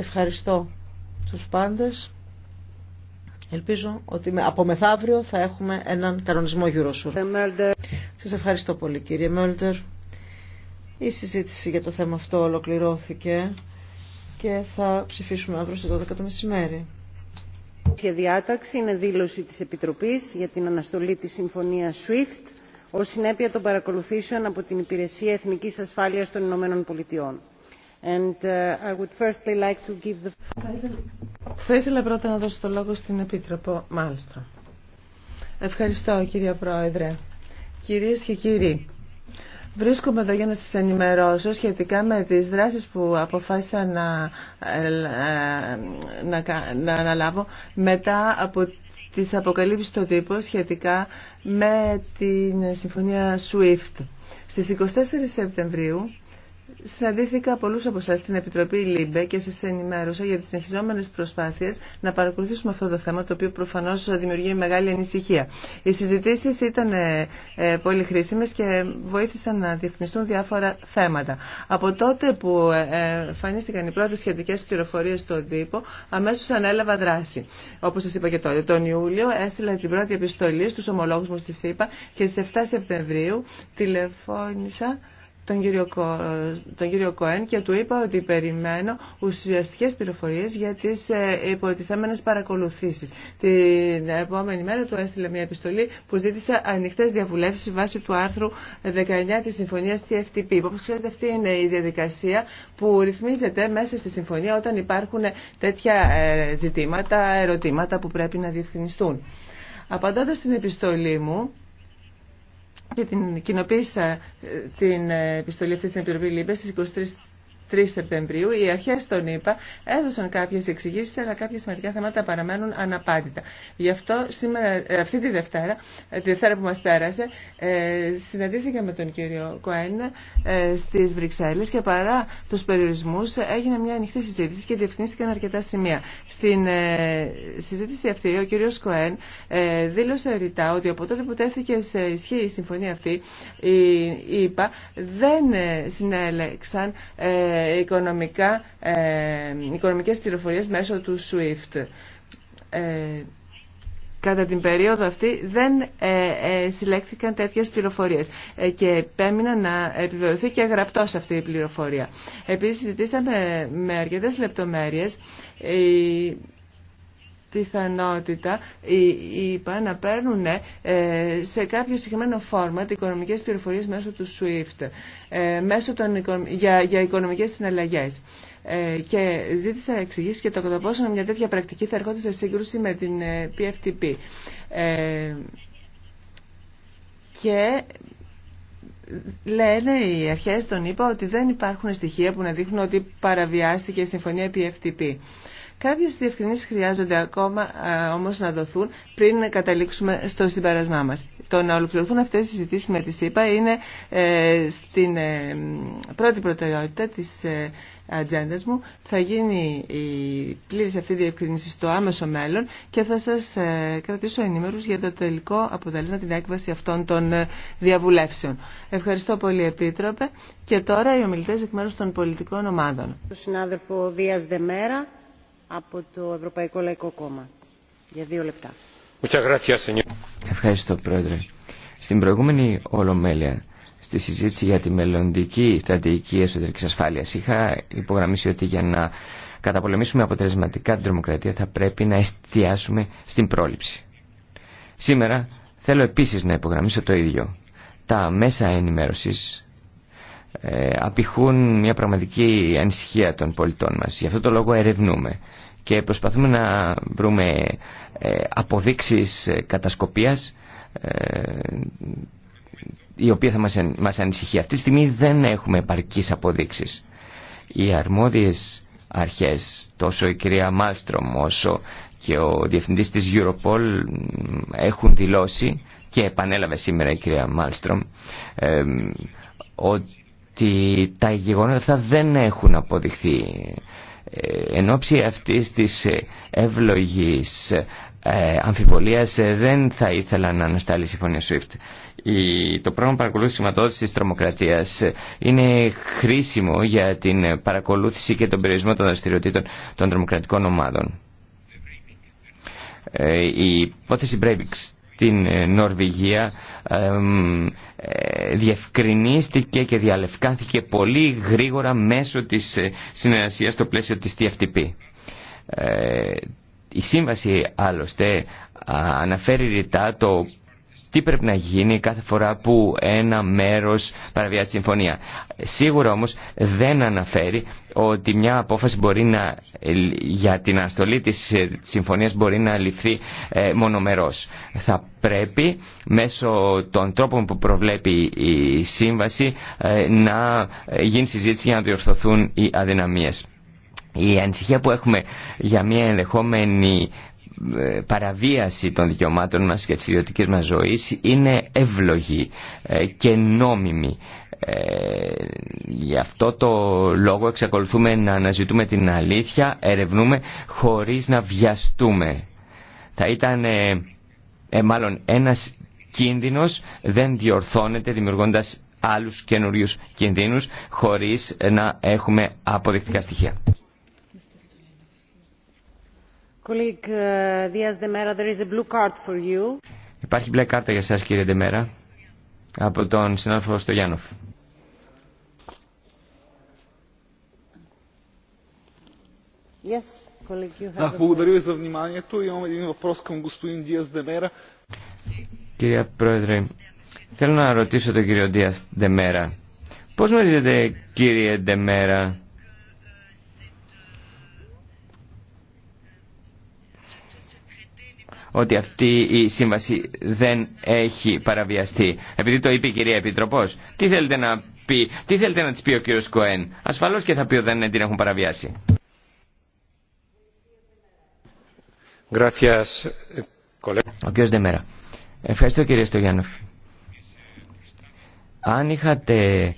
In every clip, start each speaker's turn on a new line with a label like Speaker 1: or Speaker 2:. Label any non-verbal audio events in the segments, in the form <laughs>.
Speaker 1: Ευχαριστώ τους πάντες. Ελπίζω ότι από μεθαύριο θα έχουμε έναν κανονισμό γύρω ε, σου. Σας ευχαριστώ πολύ κύριε Μέλτερ. Η συζήτηση για το θέμα αυτό ολοκληρώθηκε και θα ψηφίσουμε αύριο στις 12 το μεσημέρι. Η διάταξη είναι
Speaker 2: δήλωση της Επιτροπής για την αναστολή της Συμφωνίας SWIFT ως συνέπεια των παρακολουθήσεων από την Υπηρεσία Εθνικής Ασφάλειας των Ηνωμένων Πολιτειών. Uh,
Speaker 3: Θα ήθελα πρώτα να δώσω το λόγο στην Επίτροπο Μάλστρα. Ευχαριστώ κύριε Πρόεδρε. Κυρίες και κύριοι, Βρίσκομαι εδώ για να σας ενημερώσω σχετικά με τις δράσεις που αποφάσισα να, ε, ε, να, να αναλάβω μετά από τις αποκαλύψεις του τύπου σχετικά με την συμφωνία SWIFT. Στις 24 Σεπτεμβρίου Συναντήθηκα πολλούς από εσά στην Επιτροπή ΛΥΜΠΕ και σας ενημέρωσα για τις συνεχιζόμενες προσπάθειες να παρακολουθήσουμε αυτό το θέμα, το οποίο προφανώς δημιουργεί μεγάλη ανησυχία. Οι συζητήσεις ήταν ε, ε, πολύ χρήσιμες και βοήθησαν να διευκνιστούν διάφορα θέματα. Από τότε που ε, εμφανίστηκαν οι πρώτες σχετικές πληροφορίες στον τύπο, αμέσως ανέλαβα δράση. Όπως σας είπα και τότε, τον Ιούλιο έστειλα την πρώτη επιστολή στους ομολόγου, μου στη ΣΥΠΑ και στι 7 Σεπτεμβρίου τηλεφώνησα τον κύριο, Κοέν και του είπα ότι περιμένω ουσιαστικές πληροφορίες για τις ε, υποτιθέμενες παρακολουθήσεις. Την επόμενη μέρα του έστειλε μια επιστολή που ζήτησε ανοιχτές διαβουλεύσεις βάσει του άρθρου 19 της Συμφωνίας TFTP. Όπως ξέρετε αυτή είναι η διαδικασία που ρυθμίζεται μέσα στη Συμφωνία όταν υπάρχουν τέτοια ε, ζητήματα, ερωτήματα που πρέπει να διευκρινιστούν. Απαντώντας στην επιστολή μου, και την κοινοποίησα ε, την ε, επιστολή αυτή στην Επιτροπή Λίμπε στις 23 3 Σεπτεμβρίου, οι αρχέ των ΗΠΑ έδωσαν κάποιε εξηγήσει, αλλά κάποια σημαντικά θέματα παραμένουν αναπάντητα. Γι' αυτό σήμερα, ε, αυτή τη Δευτέρα, ε, τη Δευτέρα που μα πέρασε, ε, συναντήθηκα με τον κύριο Κοέν στι Βρυξέλλε και παρά του περιορισμού έγινε μια ανοιχτή συζήτηση και διευθυνθήκαν αρκετά σημεία. Στην συζήτηση αυτή, ο κύριο Κοέν δήλωσε ρητά ότι από τότε που τέθηκε σε ισχύ η συμφωνία αυτή, οι ΗΠΑ δεν συνέλεξαν ε, οικονομικά, ε, οικονομικές πληροφορίες μέσω του SWIFT. Ε, κατά την περίοδο αυτή δεν συλλέχθηκαν τέτοιες πληροφορίες και επέμεινα να επιβεβαιωθεί και γραπτός αυτή η πληροφορία. Επίσης, συζητήσαμε με αρκετές λεπτομέρειες πιθανότητα οι να παίρνουν ε, σε κάποιο συγκεκριμένο φόρμα οικονομικές πληροφορίες μέσω του SWIFT ε, μέσω των, για, για οικονομικές συναλλαγές. Ε, και ζήτησα εξηγήσει και το κατά πόσο μια τέτοια πρακτική θα ερχόταν σε σύγκρουση με την PFTP. και Λένε οι αρχές, τον είπα, ότι δεν υπάρχουν στοιχεία που να δείχνουν ότι παραβιάστηκε η συμφωνία PFTP. Κάποιες διευκρινήσεις χρειάζονται ακόμα όμως να δοθούν πριν να καταλήξουμε στο συμπέρασμά μας. Το να ολοκληρωθούν αυτές οι συζητήσεις με τη ΣΥΠΑ είναι ε, στην ε, πρώτη προτεραιότητα της ε, ατζέντα μου. Θα γίνει η πλήρης αυτή διευκρίνηση στο άμεσο μέλλον και θα σας κρατήσω ενήμερους για το τελικό αποτέλεσμα την έκβαση αυτών των διαβουλεύσεων. Ευχαριστώ πολύ Επίτροπε και τώρα οι ομιλητές εκ μέρους των πολιτικών ομάδων.
Speaker 2: Το συνάδελφο Δίας Δεμέρα από το Ευρωπαϊκό Λαϊκό Κόμμα. Για δύο λεπτά.
Speaker 4: Ευχαριστώ, Πρόεδρε. Στην προηγούμενη Ολομέλεια, στη συζήτηση για τη μελλοντική στρατηγική εσωτερική ασφάλεια, είχα υπογραμμίσει ότι για να καταπολεμήσουμε αποτελεσματικά την τρομοκρατία θα πρέπει να εστιάσουμε στην πρόληψη. Σήμερα θέλω επίσης να υπογραμμίσω το ίδιο. Τα μέσα ενημέρωσης ε, απηχούν μια πραγματική ανησυχία των πολιτών μας. Γι' αυτό το λόγο ερευνούμε και προσπαθούμε να βρούμε ε, αποδείξεις ε, κατασκοπίας η οποία θα μας ανησυχεί. Αυτή τη στιγμή δεν έχουμε επαρκείς αποδείξεις. Οι αρμόδιες αρχές, τόσο η κυρία Μάλστρομ όσο και ο διευθυντής της Europol έχουν δηλώσει και επανέλαβε σήμερα η κυρία Μάλστρομ ότι ότι τα γεγονότα αυτά δεν έχουν αποδειχθεί. Ε, εν ώψη αυτής της εύλογης ε, αμφιβολίας ε, δεν θα ήθελα να αναστάλει η Συμφωνία SWIFT. Το πρόγραμμα παρακολούθησης τη της τρομοκρατίας είναι χρήσιμο για την παρακολούθηση και τον περιορισμό των δραστηριοτήτων των τρομοκρατικών ομάδων. Η υπόθεση Breivik στην ε, Νορβηγία ε, διευκρινίστηκε και διαλευκάνθηκε πολύ γρήγορα μέσω της ε, συνεργασίας στο πλαίσιο της TFTP. Η σύμβαση άλλωστε αναφέρει ρητά το τι πρέπει να γίνει κάθε φορά που ένα μέρος παραβιάζει τη συμφωνία. Σίγουρα όμως δεν αναφέρει ότι μια απόφαση μπορεί να, για την αναστολή της ε, συμφωνίας μπορεί να ληφθεί ε, μονομερός. Θα πρέπει μέσω των τρόπων που προβλέπει η σύμβαση ε, να γίνει συζήτηση για να διορθωθούν οι αδυναμίες. Η ανησυχία που έχουμε για μια ενδεχόμενη ε, παραβίαση των δικαιωμάτων μας και της ιδιωτικής μας ζωής είναι εύλογη ε, και νόμιμη. Ε, γι' αυτό το λόγο εξακολουθούμε να αναζητούμε την αλήθεια, ερευνούμε χωρίς να βιαστούμε. Θα ήταν μάλλον ένας κίνδυνος δεν διορθώνεται δημιουργώντας άλλους καινούριου κινδύνους χωρίς να έχουμε αποδεικτικά στοιχεία. Υπάρχει μπλε κάρτα για σας κύριε Ντεμέρα από τον συνάδελφο Στογιάννοφ.
Speaker 1: Yes, colleague,
Speaker 4: Κυρία Πρόεδρε, θέλω να ρωτήσω τον κύριο Ντίας Ντεμέρα. Πώς γνωρίζετε κύριε Ντεμέρα ότι αυτή η σύμβαση δεν έχει παραβιαστεί. Επειδή το είπε η κυρία Επίτροπο, τι θέλετε να, πει, τι θέλετε να της πει ο κύριος Κοέν. Ασφαλώς και θα πει ότι δεν την έχουν παραβιάσει. Ο κύριο Ντεμέρα. Ευχαριστώ κύριε Στογιάννοφ. Αν είχατε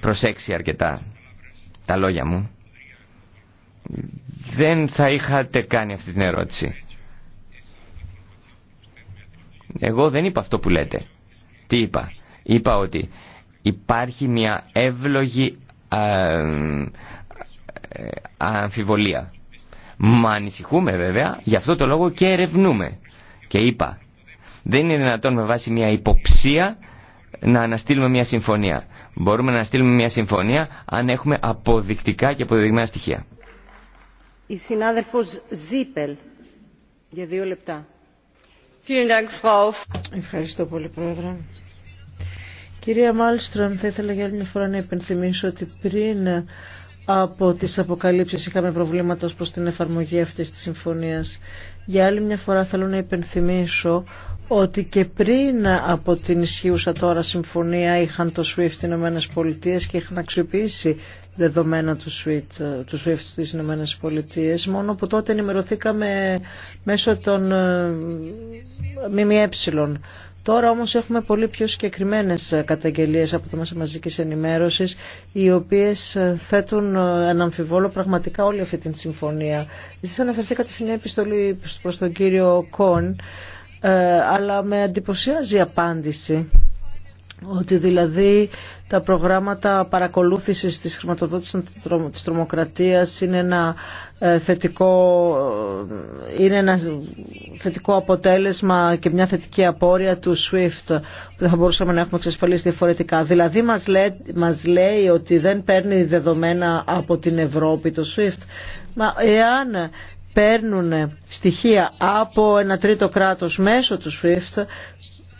Speaker 4: προσέξει αρκετά τα λόγια μου, δεν θα είχατε κάνει αυτή την ερώτηση. Εγώ δεν είπα αυτό που λέτε. Τι είπα. Είπα ότι υπάρχει μια εύλογη ε, αμφιβολία. Μα ανησυχούμε βέβαια, γι' αυτό το λόγο και ερευνούμε. Και είπα, δεν είναι δυνατόν με βάση μια υποψία να αναστείλουμε μια συμφωνία. Μπορούμε να αναστείλουμε μια συμφωνία αν έχουμε αποδεικτικά και αποδεικμένα στοιχεία.
Speaker 2: Η συνάδελφος Ζίπελ, για δύο λεπτά.
Speaker 1: Ευχαριστώ πολύ, Πρόεδρε. Κυρία Μάλστρον, θα ήθελα για άλλη μια φορά να υπενθυμίσω ότι πριν από τις αποκαλύψεις είχαμε προβλήματα προς την εφαρμογή αυτής της συμφωνίας. Για άλλη μια φορά θέλω να υπενθυμίσω ότι και πριν από την ισχύουσα τώρα συμφωνία είχαν το SWIFT οι Ηνωμένες Πολιτείες και είχαν αξιοποιήσει δεδομένα του SWIFT, ε, του SWIFT στις Ηνωμένες Πολιτείες, μόνο που τότε ενημερωθήκαμε μέσω των ε, ΜΜΕ. Τώρα όμως έχουμε πολύ πιο συγκεκριμένες ε, καταγγελίες από το Μέσα Μαζικής Ενημέρωσης οι οποίες ε, θέτουν αναμφιβόλο ε, πραγματικά όλη αυτή την συμφωνία. Εσείς αναφερθήκατε σε μια επιστολή προς τον κύριο Κον αλλά με εντυπωσιάζει η απάντηση ότι δηλαδή τα προγράμματα παρακολούθησης της χρηματοδότησης της τρομοκρατίας είναι ένα ε, θετικό, ε, είναι ένα θετικό αποτέλεσμα και μια θετική απόρρεια του SWIFT που δεν θα μπορούσαμε να έχουμε εξασφαλίσει διαφορετικά. Δηλαδή μας λέει, μας λέει ότι δεν παίρνει δεδομένα από την Ευρώπη το SWIFT. Μα εάν παίρνουν στοιχεία από ένα τρίτο κράτος μέσω του SWIFT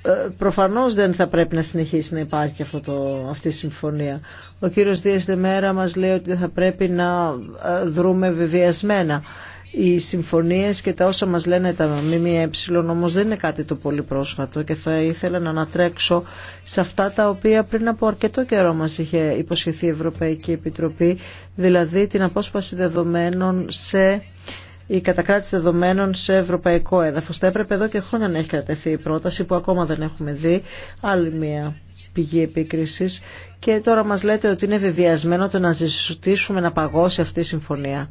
Speaker 1: ε, προφανώς δεν θα πρέπει να συνεχίσει να υπάρχει αυτό το, αυτή η συμφωνία. Ο κύριος Δίας Δεμέρα μας λέει ότι θα πρέπει να ε, δρούμε βεβαιασμένα. Οι συμφωνίες και τα όσα μας λένε τα ΜΜΕ όμως δεν είναι κάτι το πολύ πρόσφατο και θα ήθελα να ανατρέξω σε αυτά τα οποία πριν από αρκετό καιρό μας είχε υποσχεθεί η Ευρωπαϊκή Επιτροπή, δηλαδή την απόσπαση δεδομένων σε η κατακράτηση δεδομένων σε ευρωπαϊκό έδαφος. Θα έπρεπε εδώ και χρόνια να έχει κρατεθεί η πρόταση που ακόμα δεν έχουμε δει. Άλλη μία πηγή επίκριση. Και τώρα μας λέτε ότι είναι βεβαιασμένο το να ζητήσουμε να παγώσει αυτή η συμφωνία.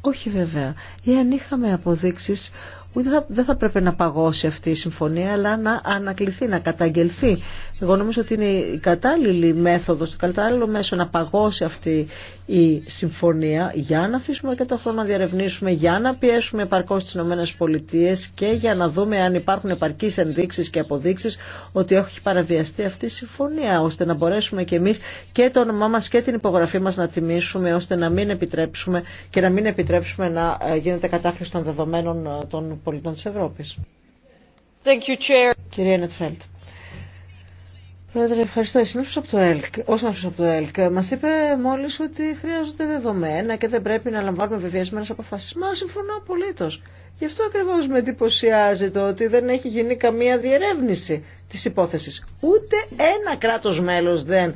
Speaker 1: Όχι βέβαια. Εάν είχαμε αποδείξεις Ούτε θα, δεν θα πρέπει να παγώσει αυτή η συμφωνία, αλλά να ανακληθεί, να καταγγελθεί. Εγώ νομίζω ότι είναι η κατάλληλη μέθοδος, το κατάλληλο μέσο να παγώσει αυτή η συμφωνία για να αφήσουμε αρκετό χρόνο να διαρευνήσουμε, για να πιέσουμε επαρκώς τις ΗΠΑ και για να δούμε αν υπάρχουν επαρκείς ενδείξεις και αποδείξεις ότι έχει παραβιαστεί αυτή η συμφωνία, ώστε να μπορέσουμε και εμείς και το όνομά μας και την υπογραφή μας να τιμήσουμε, ώστε να μην επιτρέψουμε και να μην επιτρέψουμε να ε, γίνεται κατάχρηση των δεδομένων ε, των πολιτών της Ευρώπης. Thank you, Chair. Κυρία Νετφέλτ. Πρόεδρε, ευχαριστώ. Η από το ΕΛΚ, ο συνάδελφο από το ΕΛΚ, μας είπε μόλις ότι χρειάζονται δεδομένα και δεν πρέπει να λαμβάνουμε βεβαιασμένε αποφάσει. Μα συμφωνώ απολύτω. Γι' αυτό ακριβώ με εντυπωσιάζει το ότι δεν έχει γίνει καμία διερεύνηση τη υπόθεση. Ούτε ένα κράτο μέλο δεν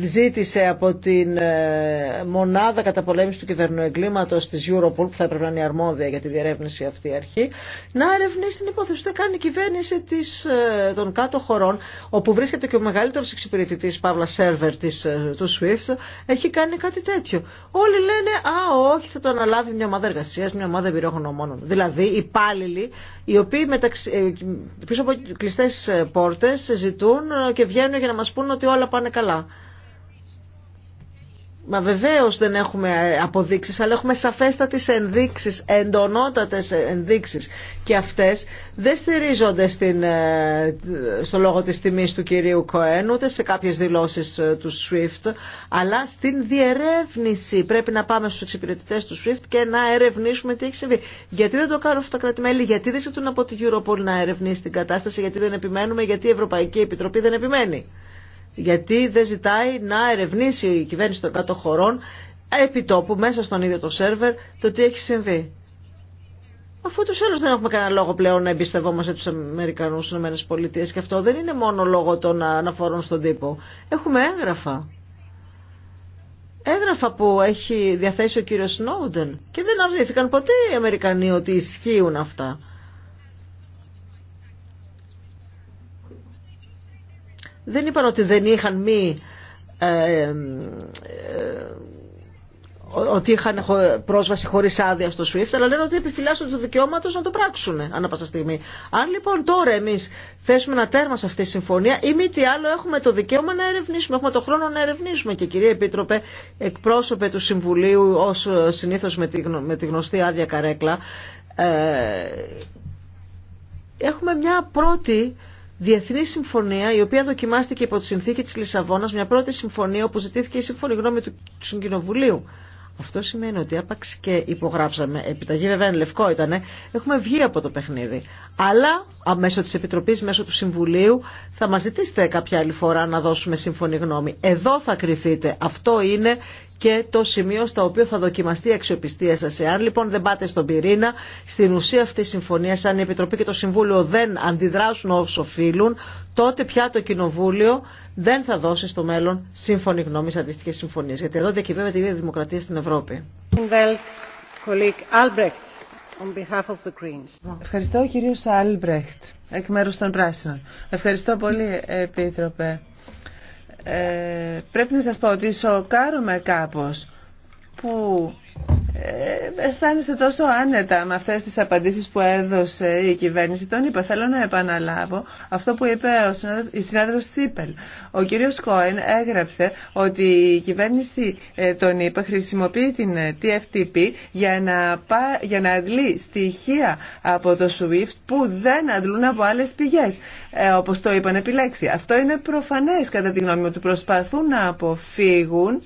Speaker 1: ζήτησε από την ε, μονάδα καταπολέμησης του κυβερνοεγκλήματος της Europol, που θα έπρεπε να είναι αρμόδια για τη διερεύνηση αυτή αρχή, να ερευνήσει την υπόθεση. Δεν κάνει η κυβέρνηση της, ε, των κάτω χωρών, όπου βρίσκεται και ο μεγαλύτερος εξυπηρετητής Παύλα Σέρβερ της, ε, του SWIFT, έχει κάνει κάτι τέτοιο. Όλοι λένε, α, όχι, θα το αναλάβει μια ομάδα εργασία, μια ομάδα εμπειρογνωμόνων. Δηλαδή, υπάλληλοι, οι οποίοι μεταξύ, πίσω από κλειστέ πόρτε ζητούν και βγαίνουν για να μα πούν ότι όλα πάνε καλά. Μα βεβαίω δεν έχουμε ε, αποδείξει, αλλά έχουμε σαφέστατε ενδείξει, εντονότατε ενδείξει. Και αυτέ δεν στηρίζονται στην, ε, στο λόγο τη τιμή του κυρίου Κοέν, ούτε σε κάποιε δηλώσει ε, του SWIFT, αλλά στην διερεύνηση. Πρέπει να πάμε στου εξυπηρετητέ του SWIFT και να ερευνήσουμε τι έχει συμβεί. Γιατί δεν το κάνουν αυτά τα κρατημέλη, γιατί δεν ζητούν από την Europol να ερευνήσει την κατάσταση, γιατί δεν επιμένουμε, γιατί η Ευρωπαϊκή Επιτροπή δεν επιμένει γιατί δεν ζητάει να ερευνήσει η κυβέρνηση των κάτω χωρών επί τόπου, μέσα στον ίδιο το σερβερ, το τι έχει συμβεί. Αφού του άλλου δεν έχουμε κανένα λόγο πλέον να εμπιστευόμαστε του Αμερικανού, τι ΗΠΑ και αυτό δεν είναι μόνο λόγο των αναφορών στον τύπο. Έχουμε έγγραφα. Έγγραφα που έχει διαθέσει ο κύριο Σνόουντεν και δεν αρνήθηκαν ποτέ οι Αμερικανοί ότι ισχύουν αυτά. δεν είπαν ότι δεν είχαν μη ε, ε, ότι είχαν πρόσβαση χωρί άδεια στο SWIFT, αλλά λένε ότι επιφυλάσσονται του δικαιώματο να το πράξουν ανά πάσα στιγμή. Αν λοιπόν τώρα εμεί θέσουμε ένα τέρμα σε αυτή τη συμφωνία, ή μη τι άλλο, έχουμε το δικαίωμα να ερευνήσουμε, έχουμε το χρόνο να ερευνήσουμε. Και κυρία Επίτροπε, εκπρόσωπε του Συμβουλίου, ω ε, συνήθω με, με τη γνωστή άδεια καρέκλα, έχουμε μια πρώτη διεθνή συμφωνία η οποία δοκιμάστηκε υπό τη συνθήκη της Λισαβόνας, μια πρώτη συμφωνία όπου ζητήθηκε η σύμφωνη γνώμη του συγκοινοβουλίου. Αυτό σημαίνει ότι άπαξ και υπογράψαμε, επιταγή βέβαια είναι λευκό ήτανε, έχουμε βγει από το παιχνίδι. Αλλά μέσω της Επιτροπής, μέσω του Συμβουλίου θα μας ζητήσετε κάποια άλλη φορά να δώσουμε σύμφωνη γνώμη. Εδώ θα κρυθείτε. Αυτό είναι και το σημείο στο οποίο θα δοκιμαστεί η αξιοπιστία σας. Εάν λοιπόν δεν πάτε στον πυρήνα, στην ουσία αυτή η συμφωνία, αν η Επιτροπή και το Συμβούλιο δεν αντιδράσουν όσο οφείλουν, τότε πια το Κοινοβούλιο δεν θα δώσει στο μέλλον σύμφωνη γνώμη σε αντίστοιχε συμφωνίε. Γιατί εδώ διακυβεύεται η ίδια δημοκρατία στην Ευρώπη.
Speaker 3: Ευχαριστώ κύριο Άλμπρεχτ, εκ μέρους των Πράσινων. Ευχαριστώ πολύ, Επίτροπε. Ε, πρέπει να σας πω ότι σοκάρομαι κάπως που ε, αισθάνεστε τόσο άνετα με αυτές τις απαντήσεις που έδωσε η κυβέρνηση. Τον είπα, θέλω να επαναλάβω αυτό που είπε ο η συνάδελφος Τσίπελ. Ο κύριος Κόεν έγραψε ότι η κυβέρνηση ε, τον είπα χρησιμοποιεί την ε, TFTP για να, πα, για να αντλεί στοιχεία από το SWIFT που δεν αντλούν από άλλες πηγές, ε, όπως το είπαν επιλέξει. Αυτό είναι προφανές κατά τη γνώμη μου ότι προσπαθούν να αποφύγουν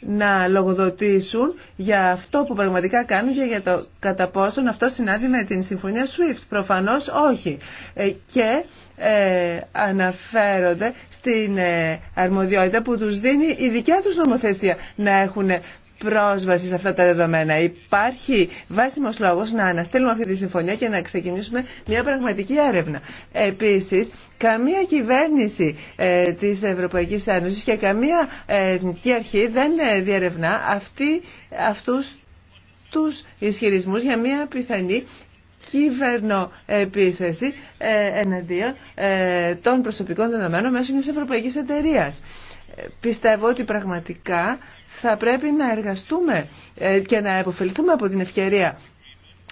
Speaker 3: να λογοδοτήσουν για αυτό που πραγματικά κάνουν και για το κατά πόσον αυτό συνάδει με την συμφωνία SWIFT. Προφανώς όχι. Ε, και ε, αναφέρονται στην ε, αρμοδιότητα που τους δίνει η δικιά τους νομοθεσία να έχουν πρόσβαση σε αυτά τα δεδομένα. Υπάρχει βάσιμος λόγος να αναστέλουμε αυτή τη συμφωνία και να ξεκινήσουμε μια πραγματική έρευνα. Επίσης, καμία κυβέρνηση ε, της Ευρωπαϊκής Ένωσης και καμία ε, εθνική αρχή δεν ε, διερευνά αυτή, αυτούς τους ισχυρισμούς για μια πιθανή κυβερνοεπίθεση ε, εναντίον ε, των προσωπικών δεδομένων μέσω μιας ευρωπαϊκής εταιρείας. Πιστεύω ότι πραγματικά θα πρέπει να εργαστούμε ε, και να επωφεληθούμε από την ευκαιρία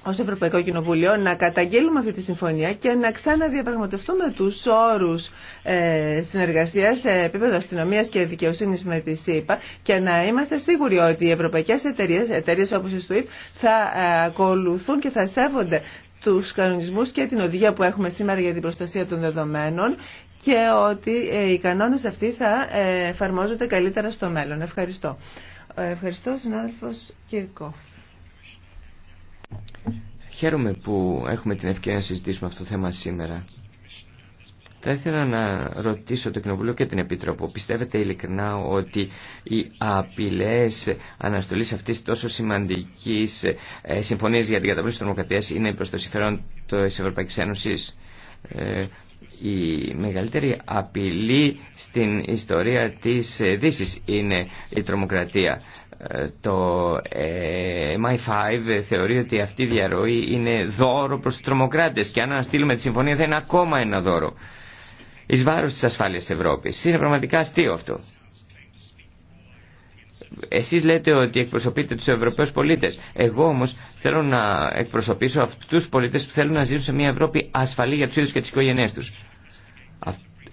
Speaker 3: ω Ευρωπαϊκό Κοινοβούλιο να καταγγείλουμε αυτή τη συμφωνία και να ξαναδιαπραγματευτούμε του όρου ε, συνεργασία σε επίπεδο αστυνομία και δικαιοσύνη με τη ΣΥΠΑ και να είμαστε σίγουροι ότι οι ευρωπαϊκέ εταιρείε, εταιρείε όπω η ΣΤΟΥΙΠ, θα ε, ακολουθούν και θα σέβονται του κανονισμού και την οδηγία που έχουμε σήμερα για την προστασία των δεδομένων και ότι ε, οι κανόνες αυτοί θα ε, εφαρμόζονται καλύτερα στο μέλλον. Ευχαριστώ. Ε, ευχαριστώ, συνάδελφος Κυρικό.
Speaker 4: Χαίρομαι που έχουμε την ευκαιρία να συζητήσουμε αυτό το θέμα σήμερα. Θα ήθελα να ρωτήσω το Κοινοβουλίο και την Επίτροπο. Πιστεύετε ειλικρινά ότι οι απειλέ αναστολή αυτής τόσο σημαντική συμφωνίας για την καταβλήση τη τρομοκρατίας είναι προς το συμφέρον τη Ευρωπαϊκή Ένωση η μεγαλύτερη απειλή στην ιστορία της δύση είναι η τρομοκρατία. Ε, το ε, MI5 θεωρεί ότι αυτή η διαρροή είναι δώρο προς τους τρομοκράτες και αν αναστείλουμε τη συμφωνία θα είναι ακόμα ένα δώρο εις βάρος της ασφάλειας Ευρώπης. Είναι πραγματικά αστείο αυτό. Εσείς λέτε ότι εκπροσωπείτε τους Ευρωπαίους πολίτες. Εγώ όμως θέλω να εκπροσωπήσω αυτούς τους πολίτες που θέλουν να ζήσουν σε μια Ευρώπη ασφαλή για τους ίδιους και τις οικογένειές τους.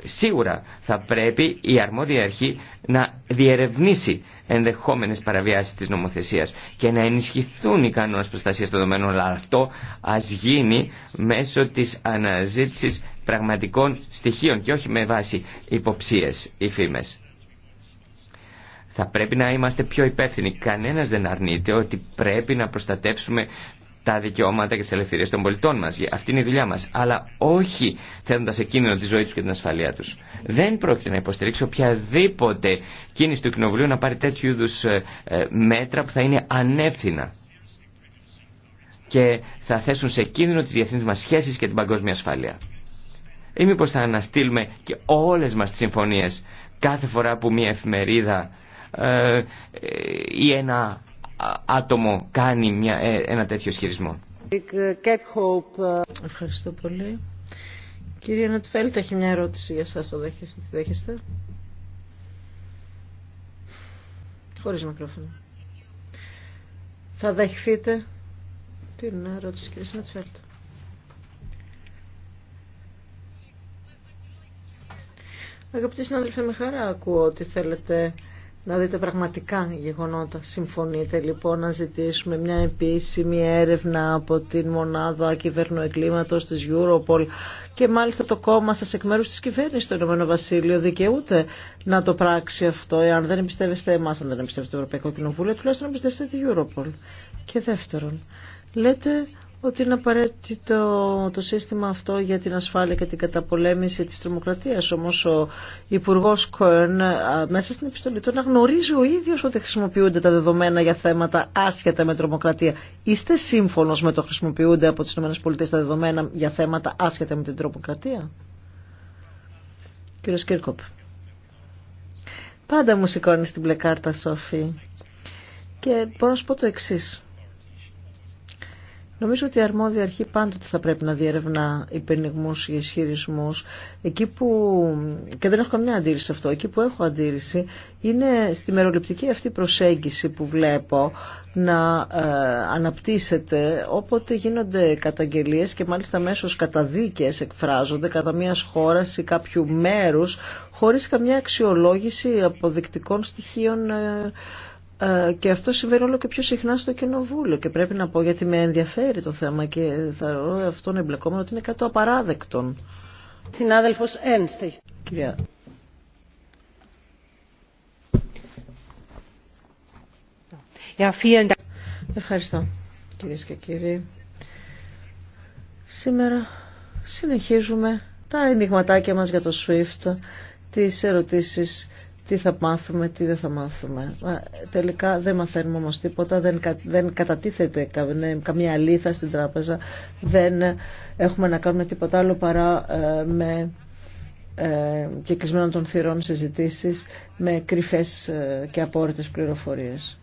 Speaker 4: Σίγουρα θα πρέπει η αρμόδια αρχή να διερευνήσει ενδεχόμενες παραβιάσεις της νομοθεσίας και να ενισχυθούν οι κανόνες προστασίας των δεδομένων, αλλά αυτό ας γίνει μέσω της αναζήτησης πραγματικών στοιχείων και όχι με βάση υποψίες ή φήμες. Θα πρέπει να είμαστε πιο υπεύθυνοι. Κανένας δεν αρνείται ότι πρέπει να προστατεύσουμε τα δικαιώματα και τι ελευθερίε των πολιτών μα. Αυτή είναι η δουλειά μα. Αλλά όχι θέτοντα σε κίνδυνο τη ζωή του και την ασφαλεία του. Δεν πρόκειται να υποστηρίξω οποιαδήποτε κίνηση του Κοινοβουλίου να πάρει τέτοιου είδου ε, ε, μέτρα που θα είναι ανεύθυνα και θα θέσουν σε κίνδυνο τι διεθνεί μα σχέσει και την παγκόσμια ασφάλεια. Ή μήπω θα αναστείλουμε και όλε μα τι συμφωνίε κάθε φορά που μια εφημερίδα ε, ή ένα άτομο κάνει μια, ε, ένα τέτοιο ισχυρισμό.
Speaker 1: Ευχαριστώ πολύ. Κύριε Νατφέλτ, έχει μια ερώτηση για σας, το δέχεστε, τη δέχεστε. Χωρίς μικρόφωνο. Θα δεχθείτε την ερώτηση, κύριε Νατφέλτ. Αγαπητοί συνάδελφοι, με χαρά ακούω ότι θέλετε να δείτε πραγματικά γεγονότα. Συμφωνείτε λοιπόν να ζητήσουμε μια επίσημη έρευνα από την μονάδα κυβερνοεκκλήματος της Europol και μάλιστα το κόμμα σας εκ μέρους της κυβέρνησης του ΕΒ δικαιούται να το πράξει αυτό εάν δεν εμπιστεύεστε εμάς, αν δεν εμπιστεύεστε το Ευρωπαϊκό Κοινοβούλιο τουλάχιστον εμπιστεύεστε την Europol. Και δεύτερον, λέτε ότι είναι απαραίτητο το σύστημα αυτό για την ασφάλεια και την καταπολέμηση της τρομοκρατίας. Όμως ο Υπουργός Κορν μέσα στην επιστολή του αναγνωρίζει ο ίδιος ότι χρησιμοποιούνται τα δεδομένα για θέματα άσχετα με τρομοκρατία. Είστε σύμφωνος με το χρησιμοποιούνται από τις ΗΠΑ τα δεδομένα για θέματα άσχετα με την τρομοκρατία. Κύριε Κίρκοπ. Πάντα μου σηκώνει την μπλε κάρτα, Σόφη. Και μπορώ να σου πω το εξής. Νομίζω ότι η αρμόδια αρχή πάντοτε θα πρέπει να διερευνά υπενιγμού ή ισχυρισμού. Εκεί που. και δεν έχω καμιά αντίρρηση σε αυτό. Εκεί που έχω αντίρρηση είναι στη μεροληπτική αυτή προσέγγιση που βλέπω να ε, αναπτύσσεται όποτε γίνονται καταγγελίε και μάλιστα μέσω καταδίκες εκφράζονται κατά μια χώρα ή κάποιου μέρου χωρί καμιά αξιολόγηση αποδεικτικών στοιχείων ε, ε, και αυτό συμβαίνει όλο και πιο συχνά στο κοινοβούλιο και πρέπει να πω γιατί με ενδιαφέρει το θέμα και θα ρωτώ αυτόν εμπλεκόμενο ότι είναι κάτω απαράδεκτον. Συνάδελφος Ένστε. Κυρία. Ευχαριστώ κυρίε και κύριοι. Σήμερα συνεχίζουμε τα ενηγματάκια μας για το SWIFT, τις ερωτήσεις τι θα μάθουμε, τι δεν θα μάθουμε. Τελικά δεν μαθαίνουμε όμως τίποτα, δεν, δεν κατατίθεται καμία αλήθεια στην τράπεζα, δεν ε, έχουμε να κάνουμε τίποτα άλλο παρά ε, με ε, των θυρών συζητήσεις με κρυφές ε, και απόρριτες πληροφορίες.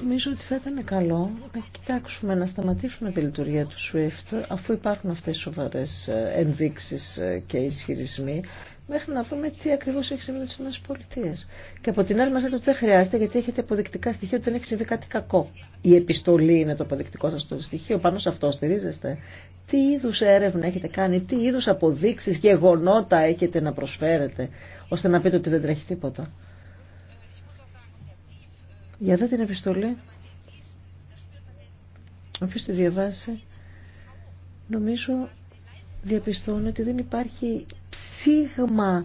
Speaker 1: Νομίζω ότι θα ήταν καλό να κοιτάξουμε να σταματήσουμε τη λειτουργία του SWIFT αφού υπάρχουν αυτές οι σοβαρές ε, ενδείξεις ε, και ισχυρισμοί μέχρι να δούμε τι ακριβώς έχει συμβεί με τις ΗΠΑ. Και από την άλλη μας λέτε ότι δεν χρειάζεται γιατί έχετε αποδεικτικά στοιχεία ότι δεν έχει συμβεί κάτι κακό. Η επιστολή είναι το αποδεικτικό σας το στοιχείο, πάνω σε αυτό στηρίζεστε. Τι είδους έρευνα έχετε κάνει, τι είδους αποδείξεις, γεγονότα έχετε να προσφέρετε ώστε να πείτε ότι δεν τρέχει τίποτα. Για δε την επιστολή, όποιος τη διαβάσει, νομίζω διαπιστώνω ότι δεν υπάρχει ψήγμα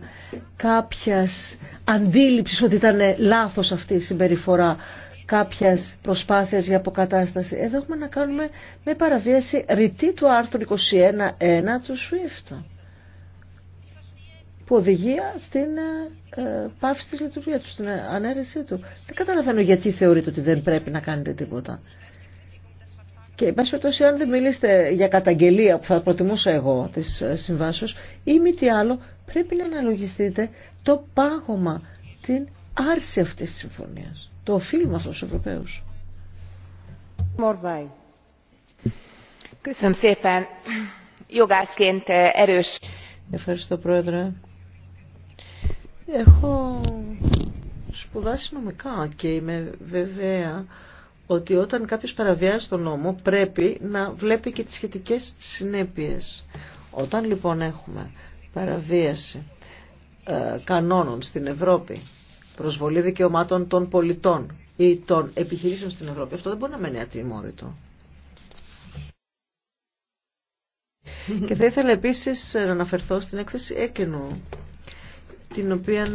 Speaker 1: κάποιας αντίληψης ότι ήταν λάθος αυτή η συμπεριφορά κάποιας προσπάθειας για αποκατάσταση. Εδώ έχουμε να κάνουμε με παραβίαση ρητή του άρθρου 21.1 του SWIFT που οδηγεί στην ε, ε, πάυση της λειτουργίας του, στην ανέρεσή του. Δεν καταλαβαίνω γιατί θεωρείτε ότι δεν πρέπει να κάνετε τίποτα. Και εν πάση περιπτώσει, αν δεν μιλήσετε για καταγγελία που θα προτιμούσα εγώ τη ε, συμβάσεω ή μη τι άλλο, πρέπει να αναλογιστείτε το πάγωμα, την άρση αυτή τη συμφωνία. Το οφείλουμε αυτό στου Ευρωπαίου. Eh, Ευχαριστώ, Πρόεδρε. Έχω σπουδάσει νομικά και είμαι βεβαία ότι όταν κάποιος παραβιάζει τον νόμο πρέπει να βλέπει και τις σχετικές συνέπειες. Όταν λοιπόν έχουμε παραβίαση ε, κανόνων στην Ευρώπη, προσβολή δικαιωμάτων των πολιτών ή των επιχειρήσεων στην Ευρώπη, αυτό δεν μπορεί να μένει ατιμόρυτο. <laughs> Και θα ήθελα επίσης να αναφερθώ στην έκθεση έκαινου την οποία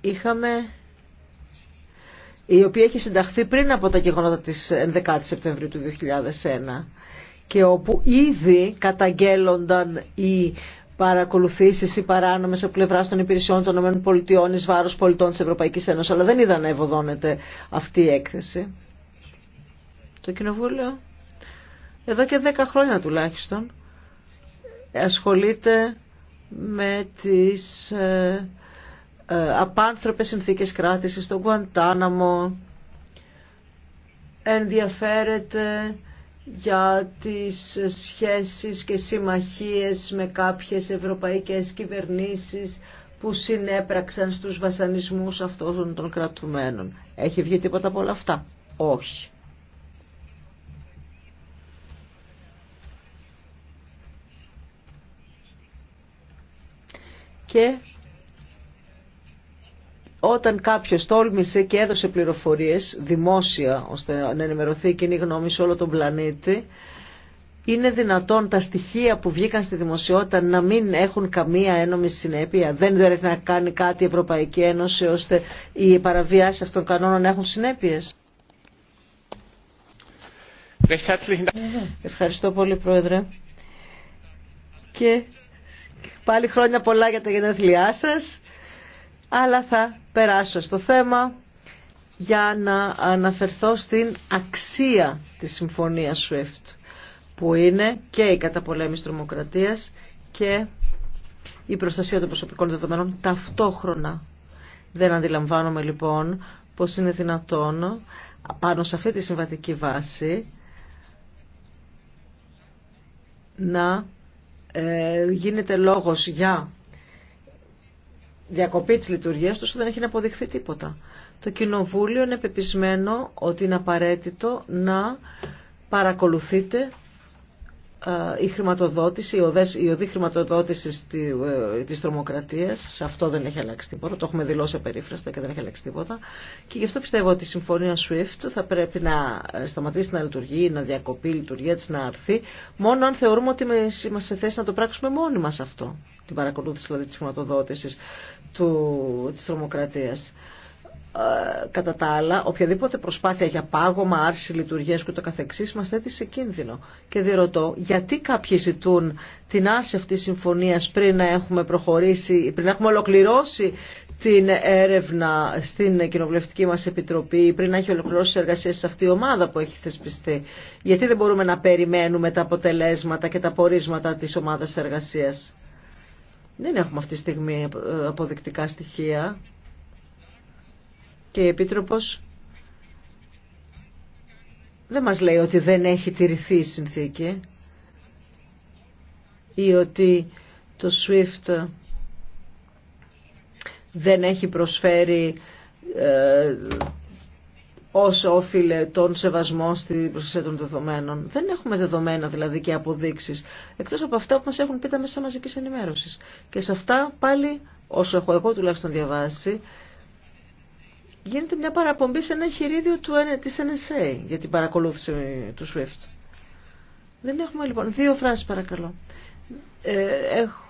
Speaker 1: είχαμε η οποία έχει συνταχθεί πριν από τα γεγονότα της 11 Σεπτεμβρίου του 2001 και όπου ήδη καταγγέλλονταν οι παρακολουθήσεις, οι παράνομες από πλευράς των υπηρεσιών των ΗΠΑ εις βάρος πολιτών της Ευρωπαϊκής Ένωσης, αλλά δεν είδα να ευωδώνεται αυτή η έκθεση. Το Κοινοβούλιο εδώ και 10 χρόνια τουλάχιστον ασχολείται με τις ε, ε απάνθρωπες συνθήκες κράτησης στον Κουαντάναμο ενδιαφέρεται για τις σχέσεις και συμμαχίες με κάποιες ευρωπαϊκές κυβερνήσεις που συνέπραξαν στους βασανισμούς αυτών των κρατουμένων. Έχει βγει τίποτα από όλα αυτά. Όχι. και όταν κάποιος τόλμησε και έδωσε πληροφορίες δημόσια ώστε να ενημερωθεί η κοινή γνώμη σε όλο τον πλανήτη, είναι δυνατόν τα στοιχεία που βγήκαν στη δημοσιότητα να μην έχουν καμία ένομη συνέπεια. Δεν πρέπει να κάνει κάτι η Ευρωπαϊκή Ένωση ώστε οι παραβιάσεις αυτών των κανόνων να έχουν συνέπειες. Ευχαριστώ πολύ, Πρόεδρε. Και Πάλι χρόνια πολλά για τα γενέθλιά σας. Αλλά θα περάσω στο θέμα για να αναφερθώ στην αξία της συμφωνίας SWIFT που είναι και η καταπολέμηση τρομοκρατίας και η προστασία των προσωπικών δεδομένων ταυτόχρονα. Δεν αντιλαμβάνομαι λοιπόν πως είναι δυνατόν πάνω σε αυτή τη συμβατική βάση να ε, γίνεται λόγος για διακοπή της λειτουργίας τους, δεν έχει να αποδειχθεί τίποτα. Το Κοινοβούλιο είναι πεπισμένο ότι είναι απαραίτητο να παρακολουθείτε ε, η χρηματοδότηση, η οδή χρηματοδότηση ε, της τρομοκρατίας, σε αυτό δεν έχει αλλάξει τίποτα, το έχουμε δηλώσει απερίφραστα και δεν έχει αλλάξει τίποτα και γι' αυτό πιστεύω ότι η συμφωνία SWIFT θα πρέπει να ε, σταματήσει να λειτουργεί, να διακοπεί η λειτουργία της, να αρθεί, μόνο αν θεωρούμε ότι είμαστε σε θέση να το πράξουμε μόνοι μα αυτό, την παρακολούθηση δηλαδή της χρηματοδότησης τη της ε, κατά τα άλλα, οποιαδήποτε προσπάθεια για πάγωμα, άρση λειτουργία και το καθεξής μας θέτει σε κίνδυνο. Και διερωτώ, γιατί κάποιοι ζητούν την άρση αυτή τη συμφωνίας πριν να έχουμε προχωρήσει, πριν έχουμε ολοκληρώσει την έρευνα στην κοινοβουλευτική μα επιτροπή, πριν να έχει ολοκληρώσει εργασίες σε αυτή η ομάδα που έχει θεσπιστεί. Γιατί δεν μπορούμε να περιμένουμε τα αποτελέσματα και τα πορίσματα τη ομάδα εργασία. Δεν έχουμε αυτή τη στιγμή αποδεικτικά στοιχεία και η Επίτροπος δεν μας λέει ότι δεν έχει τηρηθεί η συνθήκη ή ότι το SWIFT δεν έχει προσφέρει ε, όσο όφιλε τον σεβασμό στην προστασία των δεδομένων. Δεν έχουμε δεδομένα δηλαδή και αποδείξεις, εκτός από αυτά που μας έχουν πει τα μέσα μαζικής ενημέρωσης. Και σε αυτά πάλι, όσο έχω εγώ τουλάχιστον διαβάσει, γίνεται μια παραπομπή σε ένα χειρίδιο του, της NSA για την παρακολούθηση του SWIFT. Δεν έχουμε λοιπόν... Δύο φράσεις παρακαλώ. Ε,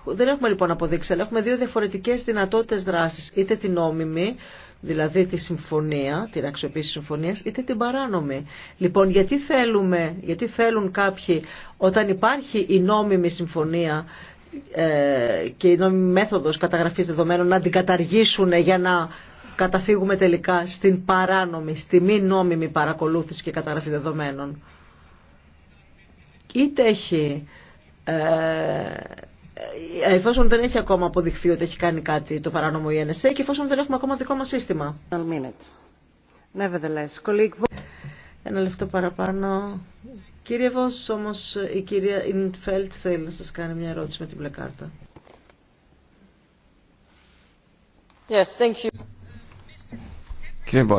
Speaker 1: δεν έχουμε λοιπόν αποδείξει, αλλά έχουμε δύο διαφορετικές δυνατότητες δράσης. Είτε την νόμιμη, δηλαδή τη συμφωνία, την αξιοποίηση συμφωνίας, είτε την παράνομη. Λοιπόν, γιατί θέλουμε, γιατί θέλουν κάποιοι, όταν υπάρχει η νόμιμη συμφωνία ε, και η νόμιμη μέθοδος καταγραφής δεδομένων να την καταργήσουν για να καταφύγουμε τελικά στην παράνομη, στη μη νόμιμη παρακολούθηση και καταγραφή δεδομένων. Είτε έχει ε, ε, εφόσον δεν έχει ακόμα αποδειχθεί ότι έχει κάνει κάτι το παράνομο η NSA και εφόσον δεν έχουμε ακόμα δικό μας σύστημα. Ένα λεπτό παραπάνω. Κύριε Βος, όμως η κυρία Ινφέλτ θέλει να σας κάνει μια ερώτηση με την μπλε κάρτα. Yes, thank
Speaker 4: Κύριε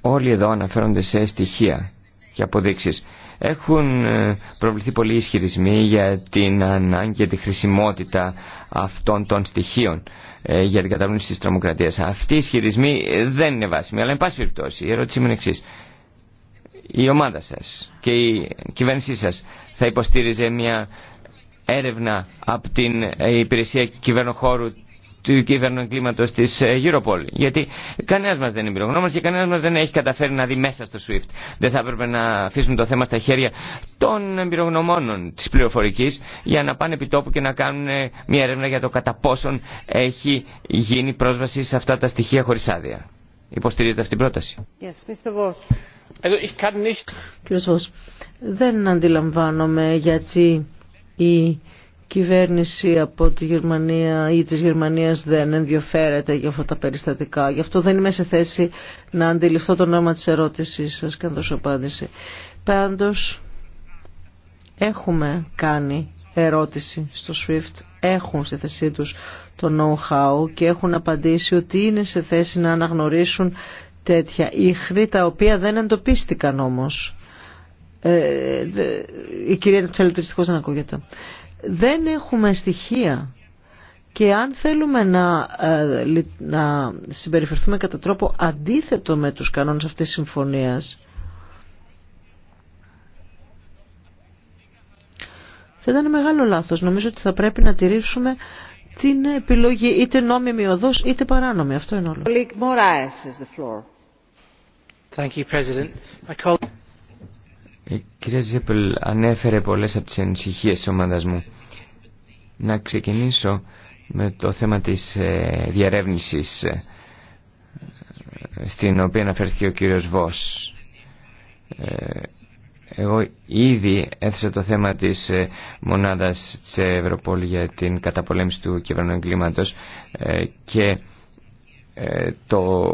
Speaker 4: όλοι εδώ αναφέρονται σε στοιχεία και αποδείξεις. Έχουν ε, προβληθεί πολλοί ισχυρισμοί για την ανάγκη και τη χρησιμότητα αυτών των στοιχείων ε, για την κατανόηση της τρομοκρατίας. Αυτοί οι ισχυρισμοί ε, δεν είναι βάσιμοι, αλλά εν πάση περιπτώσει η ερώτησή μου είναι εξής. Η ομάδα σας και η κυβέρνησή σας θα υποστήριζε μια έρευνα από την υπηρεσία κυβέρνοχώρου του κυβερνού εγκλήματο τη ε, Europol. Γιατί κανένα μα δεν είναι εμπειρογνώμος και κανένα μα δεν έχει καταφέρει να δει μέσα στο SWIFT. Δεν θα έπρεπε να αφήσουμε το θέμα στα χέρια των εμπειρογνωμόνων τη πληροφορική για να πάνε επιτόπου και να κάνουν ε, μια έρευνα για το κατά πόσον έχει γίνει πρόσβαση σε αυτά τα στοιχεία χωρί άδεια. Υποστηρίζετε αυτή την πρόταση.
Speaker 2: Yes, Mr.
Speaker 1: Voss. δεν αντιλαμβάνομαι γιατί η κυβέρνηση από τη Γερμανία ή της Γερμανίας δεν ενδιαφέρεται για αυτά τα περιστατικά. Γι' αυτό δεν είμαι σε θέση να αντιληφθώ το νόημα της ερώτησής σας και να δώσω απάντηση. Πάντως έχουμε κάνει ερώτηση στο SWIFT, έχουν στη θέση τους το know-how και έχουν απαντήσει ότι είναι σε θέση να αναγνωρίσουν τέτοια ίχνη τα οποία δεν εντοπίστηκαν όμως. Ε, η κυρία Νετφέλη δυστυχώς δεν ακούγεται δεν έχουμε στοιχεία και αν θέλουμε να, ε, να συμπεριφερθούμε κατά τρόπο αντίθετο με τους κανόνες αυτής της συμφωνίας, θα ήταν μεγάλο λάθος. Νομίζω ότι θα πρέπει να τηρήσουμε την επιλογή είτε νόμιμη οδός είτε παράνομη. Αυτό είναι όλο.
Speaker 4: Η ε, κυρία Ζέπελ ανέφερε πολλές από τις ανησυχίε της ομάδας μου. Να ξεκινήσω με το θέμα της ε, διαρεύνησης ε, στην οποία αναφέρθηκε ο κύριος Βος. Εγώ ήδη έθεσα το θέμα της μονάδας της Ευρωπόλ για την καταπολέμηση του κυβερνού κλίματος και το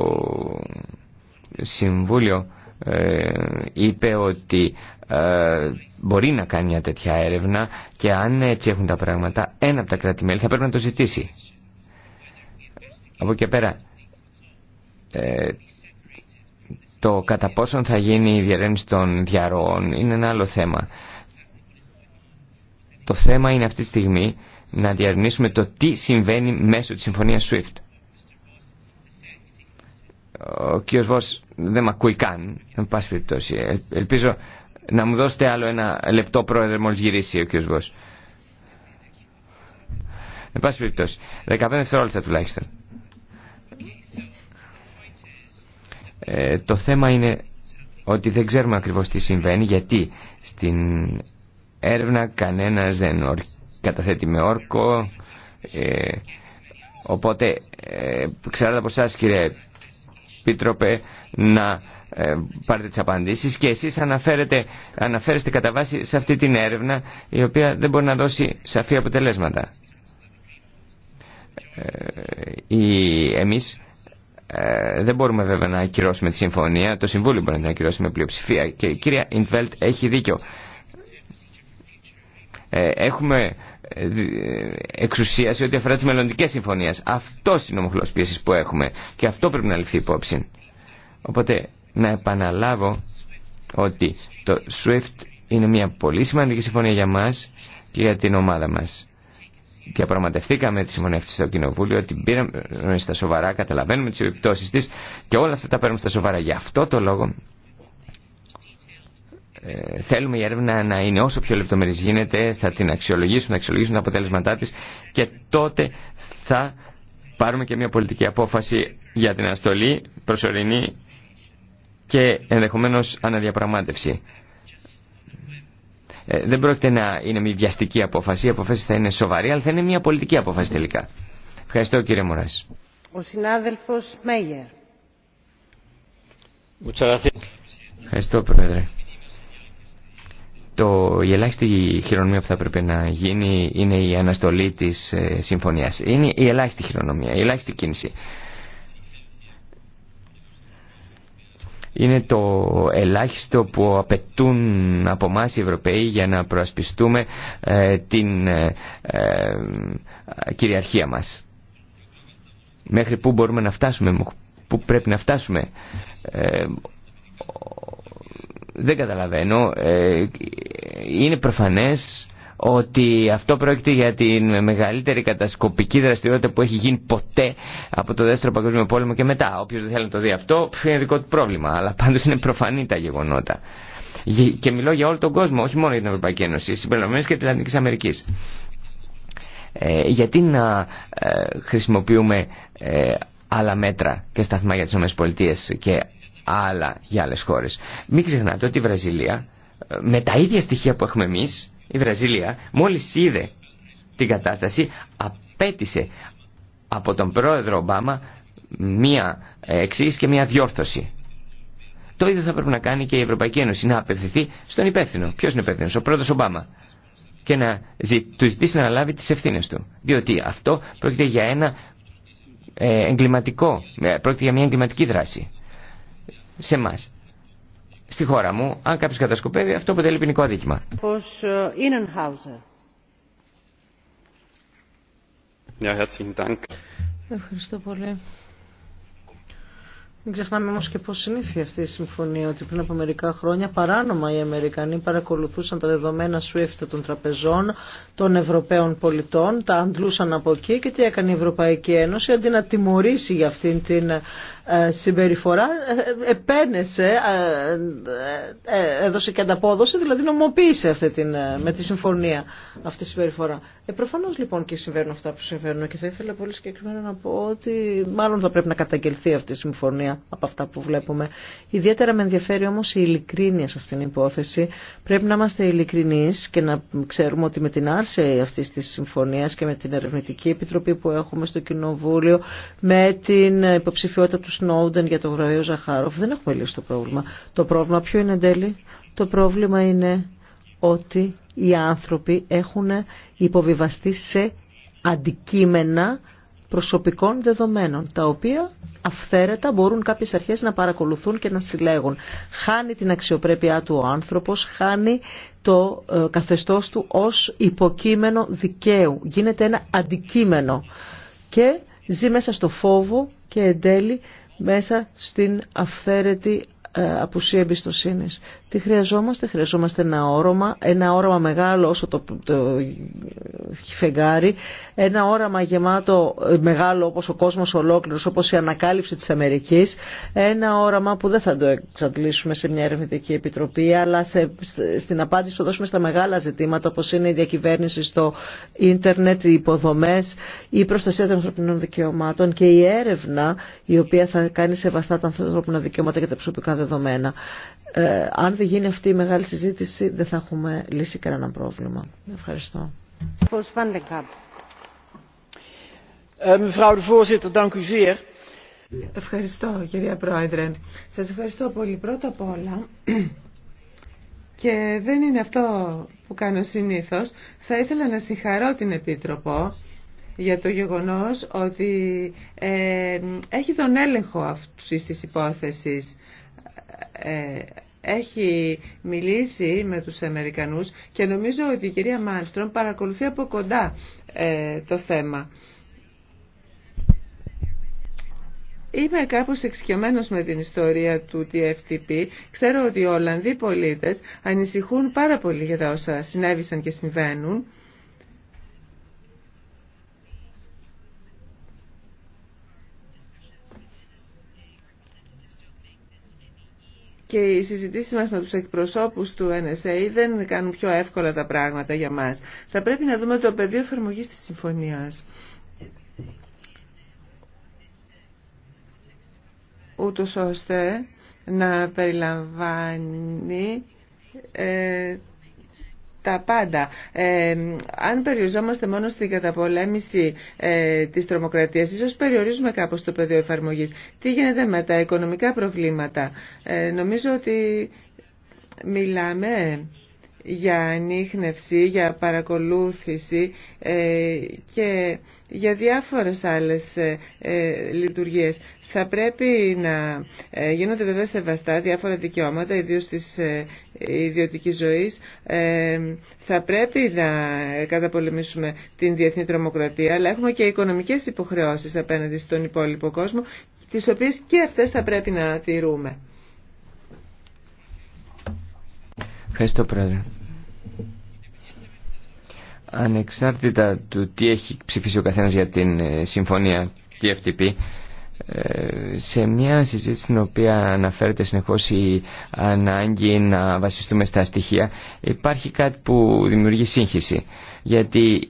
Speaker 4: Συμβούλιο ε, είπε ότι ε, μπορεί να κάνει μια τέτοια έρευνα και αν έτσι έχουν τα πράγματα, ένα από τα κράτη-μέλη θα πρέπει να το ζητήσει. Από εκεί πέρα, ε, το κατά πόσον θα γίνει η διαρρέμιση των διαρροών είναι ένα άλλο θέμα. Το θέμα είναι αυτή τη στιγμή να διαρνήσουμε το τι συμβαίνει μέσω της συμφωνίας SWIFT. Ο κύριος Βος δεν με ακούει καν, εν πάση περιπτώσει. Ε, ελπίζω να μου δώσετε άλλο ένα λεπτό πρόεδρε μόλις γυρίσει ο κ. Βος. Εν πάση περιπτώσει. 15 δευτερόλεπτα τουλάχιστον. Ε, το θέμα είναι ότι δεν ξέρουμε ακριβώς τι συμβαίνει γιατί στην έρευνα κανένας δεν ορ... καταθέτει με όρκο ε, οπότε ε, ξέρετε από εσάς κύριε Επίτροπε, να ε, πάρετε τις απαντήσεις και εσείς αναφέρετε, αναφέρεστε κατά βάση σε αυτή την έρευνα η οποία δεν μπορεί να δώσει σαφή αποτελέσματα. Ε, εμείς ε, δεν μπορούμε βέβαια να ακυρώσουμε τη συμφωνία, το Συμβούλιο μπορεί να την ακυρώσει με πλειοψηφία και η κυρία Ιντβέλτ έχει δίκιο. Ε, έχουμε ε, ε, εξουσία σε ό,τι αφορά τις μελλοντικές συμφωνίες. Αυτό είναι ο μοχλός πίεσης που έχουμε και αυτό πρέπει να ληφθεί υπόψη. Οπότε να επαναλάβω ότι το SWIFT είναι μια πολύ σημαντική συμφωνία για μας και για την ομάδα μας. Διαπραγματευτήκαμε τη συμφωνία αυτή στο Κοινοβούλιο, την πήραμε στα σοβαρά, καταλαβαίνουμε τις επιπτώσεις της και όλα αυτά τα παίρνουμε στα σοβαρά. Γι' αυτό το λόγο ε, θέλουμε η έρευνα να είναι όσο πιο λεπτομερής γίνεται, θα την αξιολογήσουν, θα αξιολογήσουν τα αποτέλεσματά της και τότε θα πάρουμε και μια πολιτική απόφαση για την αναστολή προσωρινή και ενδεχομένως αναδιαπραγμάτευση. Ε, δεν πρόκειται να είναι μια βιαστική απόφαση, η απόφαση θα είναι σοβαρή, αλλά θα είναι μια πολιτική απόφαση τελικά. Ευχαριστώ κύριε Μωράς.
Speaker 2: Ο συνάδελφος Μέγερ.
Speaker 4: Ευχαριστώ πρόεδρε το, η ελάχιστη χειρονομία που θα πρέπει να γίνει είναι η αναστολή της ε, συμφωνίας. Είναι η ελάχιστη χειρονομία, η ελάχιστη κίνηση. Είναι το ελάχιστο που απαιτούν από εμά οι Ευρωπαίοι για να προασπιστούμε ε, την ε, ε, κυριαρχία μας. Μέχρι πού μπορούμε να φτάσουμε, πού πρέπει να φτάσουμε δεν καταλαβαίνω. Ε, είναι προφανές ότι αυτό πρόκειται για τη μεγαλύτερη κατασκοπική δραστηριότητα που έχει γίνει ποτέ από το δεύτερο παγκόσμιο πόλεμο και μετά. Όποιος δεν θέλει να το δει αυτό είναι δικό του πρόβλημα, αλλά πάντως είναι προφανή τα γεγονότα. Και μιλώ για όλο τον κόσμο, όχι μόνο για την Ευρωπαϊκή Ένωση, συμπεριλαμβανομένης και τη Ατλαντικής Αμερικής. Ε, γιατί να ε, χρησιμοποιούμε ε, άλλα μέτρα και σταθμά για τις ΗΠΑ και αλλά για άλλες χώρες. Μην ξεχνάτε ότι η Βραζιλία ε, με τα ίδια στοιχεία που έχουμε εμείς, η Βραζιλία μόλις είδε την κατάσταση απέτησε από τον πρόεδρο Ομπάμα μία εξή και μία διόρθωση. Το ίδιο θα πρέπει να κάνει και η Ευρωπαϊκή Ένωση, να απευθυνθεί στον υπεύθυνο. Ποιο είναι υπεύθυνο, ο πρόεδρο Ομπάμα. Και να του ζητήσει να λάβει τι ευθύνε του. Διότι αυτό πρόκειται για ένα ε, εγκληματικό, ε, πρόκειται για μια εγκληματική δράση σε εμά. Στη χώρα μου, αν κάποιο κατασκοπεύει, αυτό αποτελεί ποινικό αδίκημα. Ε,
Speaker 1: Ευχαριστώ πολύ. Μην ξεχνάμε όμω και πώ συνήθει αυτή η συμφωνία ότι πριν από μερικά χρόνια παράνομα οι Αμερικανοί παρακολουθούσαν τα δεδομένα SWIFT των τραπεζών των Ευρωπαίων πολιτών, τα αντλούσαν από εκεί και τι έκανε η Ευρωπαϊκή Ένωση αντί να τιμωρήσει για αυτήν την ε, συμπεριφορά ε, επένεσε, ε, έδωσε και ανταπόδοση, δηλαδή νομοποίησε αυτή την, με τη συμφωνία αυτή τη συμπεριφορά. Ε, Προφανώ λοιπόν και συμβαίνουν αυτά που συμβαίνουν και θα ήθελα πολύ συγκεκριμένα να πω ότι μάλλον θα πρέπει να καταγγελθεί αυτή η συμφωνία από αυτά που βλέπουμε. Ιδιαίτερα με ενδιαφέρει όμω η ειλικρίνεια σε αυτήν την υπόθεση. Πρέπει να είμαστε ειλικρινεί και να ξέρουμε ότι με την άρση αυτή τη συμφωνία και με την Ερευνητική Επιτροπή που έχουμε στο Κοινοβούλιο, με την υποψηφιότητα του Σνόουντεν, για το βραβείο Ζαχάροφ. Δεν έχουμε λύσει το πρόβλημα. Το πρόβλημα ποιο είναι εν τέλει. Το πρόβλημα είναι ότι οι άνθρωποι έχουν υποβιβαστεί σε αντικείμενα προσωπικών δεδομένων, τα οποία αυθαίρετα μπορούν κάποιες αρχές να παρακολουθούν και να συλλέγουν. Χάνει την αξιοπρέπειά του ο άνθρωπος, χάνει το ε, καθεστώς του ως υποκείμενο δικαίου. Γίνεται ένα αντικείμενο και ζει μέσα στο φόβο και εν τέλει μέσα στην αυθαίρετη ε, απουσία εμπιστοσύνη. Τι χρειαζόμαστε, χρειαζόμαστε ένα όρομα, ένα όραμα μεγάλο όσο το, το φεγγάρι, ένα όραμα γεμάτο ε, μεγάλο όπως ο κόσμος ολόκληρος, όπως η ανακάλυψη της Αμερικής, ένα όραμα που δεν θα το εξαντλήσουμε σε μια ερευνητική επιτροπή, αλλά σε, στην απάντηση που θα δώσουμε στα μεγάλα ζητήματα όπως είναι η διακυβέρνηση στο ίντερνετ, οι υποδομές, η προστασία των ανθρωπινών δικαιωμάτων και η έρευνα η οποία θα κάνει σεβαστά τα ανθρώπινα δικαιώματα και τα προσωπικά δεδομένα. Ε, αν δεν γίνει αυτή η μεγάλη συζήτηση δεν θα έχουμε λύσει κανένα πρόβλημα. Ευχαριστώ.
Speaker 2: Ε,
Speaker 3: ευχαριστώ κυρία Πρόεδρε. Σας ευχαριστώ πολύ πρώτα απ' όλα <clears throat> και δεν είναι αυτό που κάνω συνήθως. Θα ήθελα να συγχαρώ την Επίτροπο για το γεγονός ότι ε, έχει τον έλεγχο αυτής της υπόθεσης. Ε, έχει μιλήσει με τους Αμερικανούς και νομίζω ότι η κυρία Μάλστρομ παρακολουθεί από κοντά ε, το θέμα. Είμαι κάπως εξοικειωμένος με την ιστορία του TFTP. Ξέρω ότι οι Ολλανδοί πολίτες ανησυχούν πάρα πολύ για τα όσα συνέβησαν και συμβαίνουν. και οι συζητήσεις μας με τους εκπροσώπους του NSA δεν κάνουν πιο εύκολα τα πράγματα για μας. Θα πρέπει να δούμε το πεδίο εφαρμογή της συμφωνίας. ούτως ώστε να περιλαμβάνει ε, τα πάντα. Ε, αν περιοριζόμαστε μόνο στην καταπολέμηση ε, της τρομοκρατίας, ίσως περιορίζουμε κάπως το πεδίο εφαρμογής. Τι γίνεται με τα οικονομικά προβλήματα. Ε, νομίζω ότι μιλάμε για ανείχνευση, για παρακολούθηση ε, και για διάφορες άλλες ε, ε, λειτουργίες. Θα πρέπει να γίνονται βέβαια σεβαστά διάφορα δικαιώματα, ιδίως της ιδιωτικής ζωής. Θα πρέπει να καταπολεμήσουμε την διεθνή τρομοκρατία, αλλά έχουμε και οικονομικές υποχρεώσεις απέναντι στον υπόλοιπο κόσμο, τις οποίες και αυτές θα πρέπει να τηρούμε.
Speaker 4: Ευχαριστώ πρόεδρε. Ανεξάρτητα του τι έχει ψηφίσει ο καθένας για την ε, συμφωνία TFTP, ε, σε μια συζήτηση στην οποία αναφέρεται συνεχώς η ανάγκη να βασιστούμε στα στοιχεία υπάρχει κάτι που δημιουργεί σύγχυση γιατί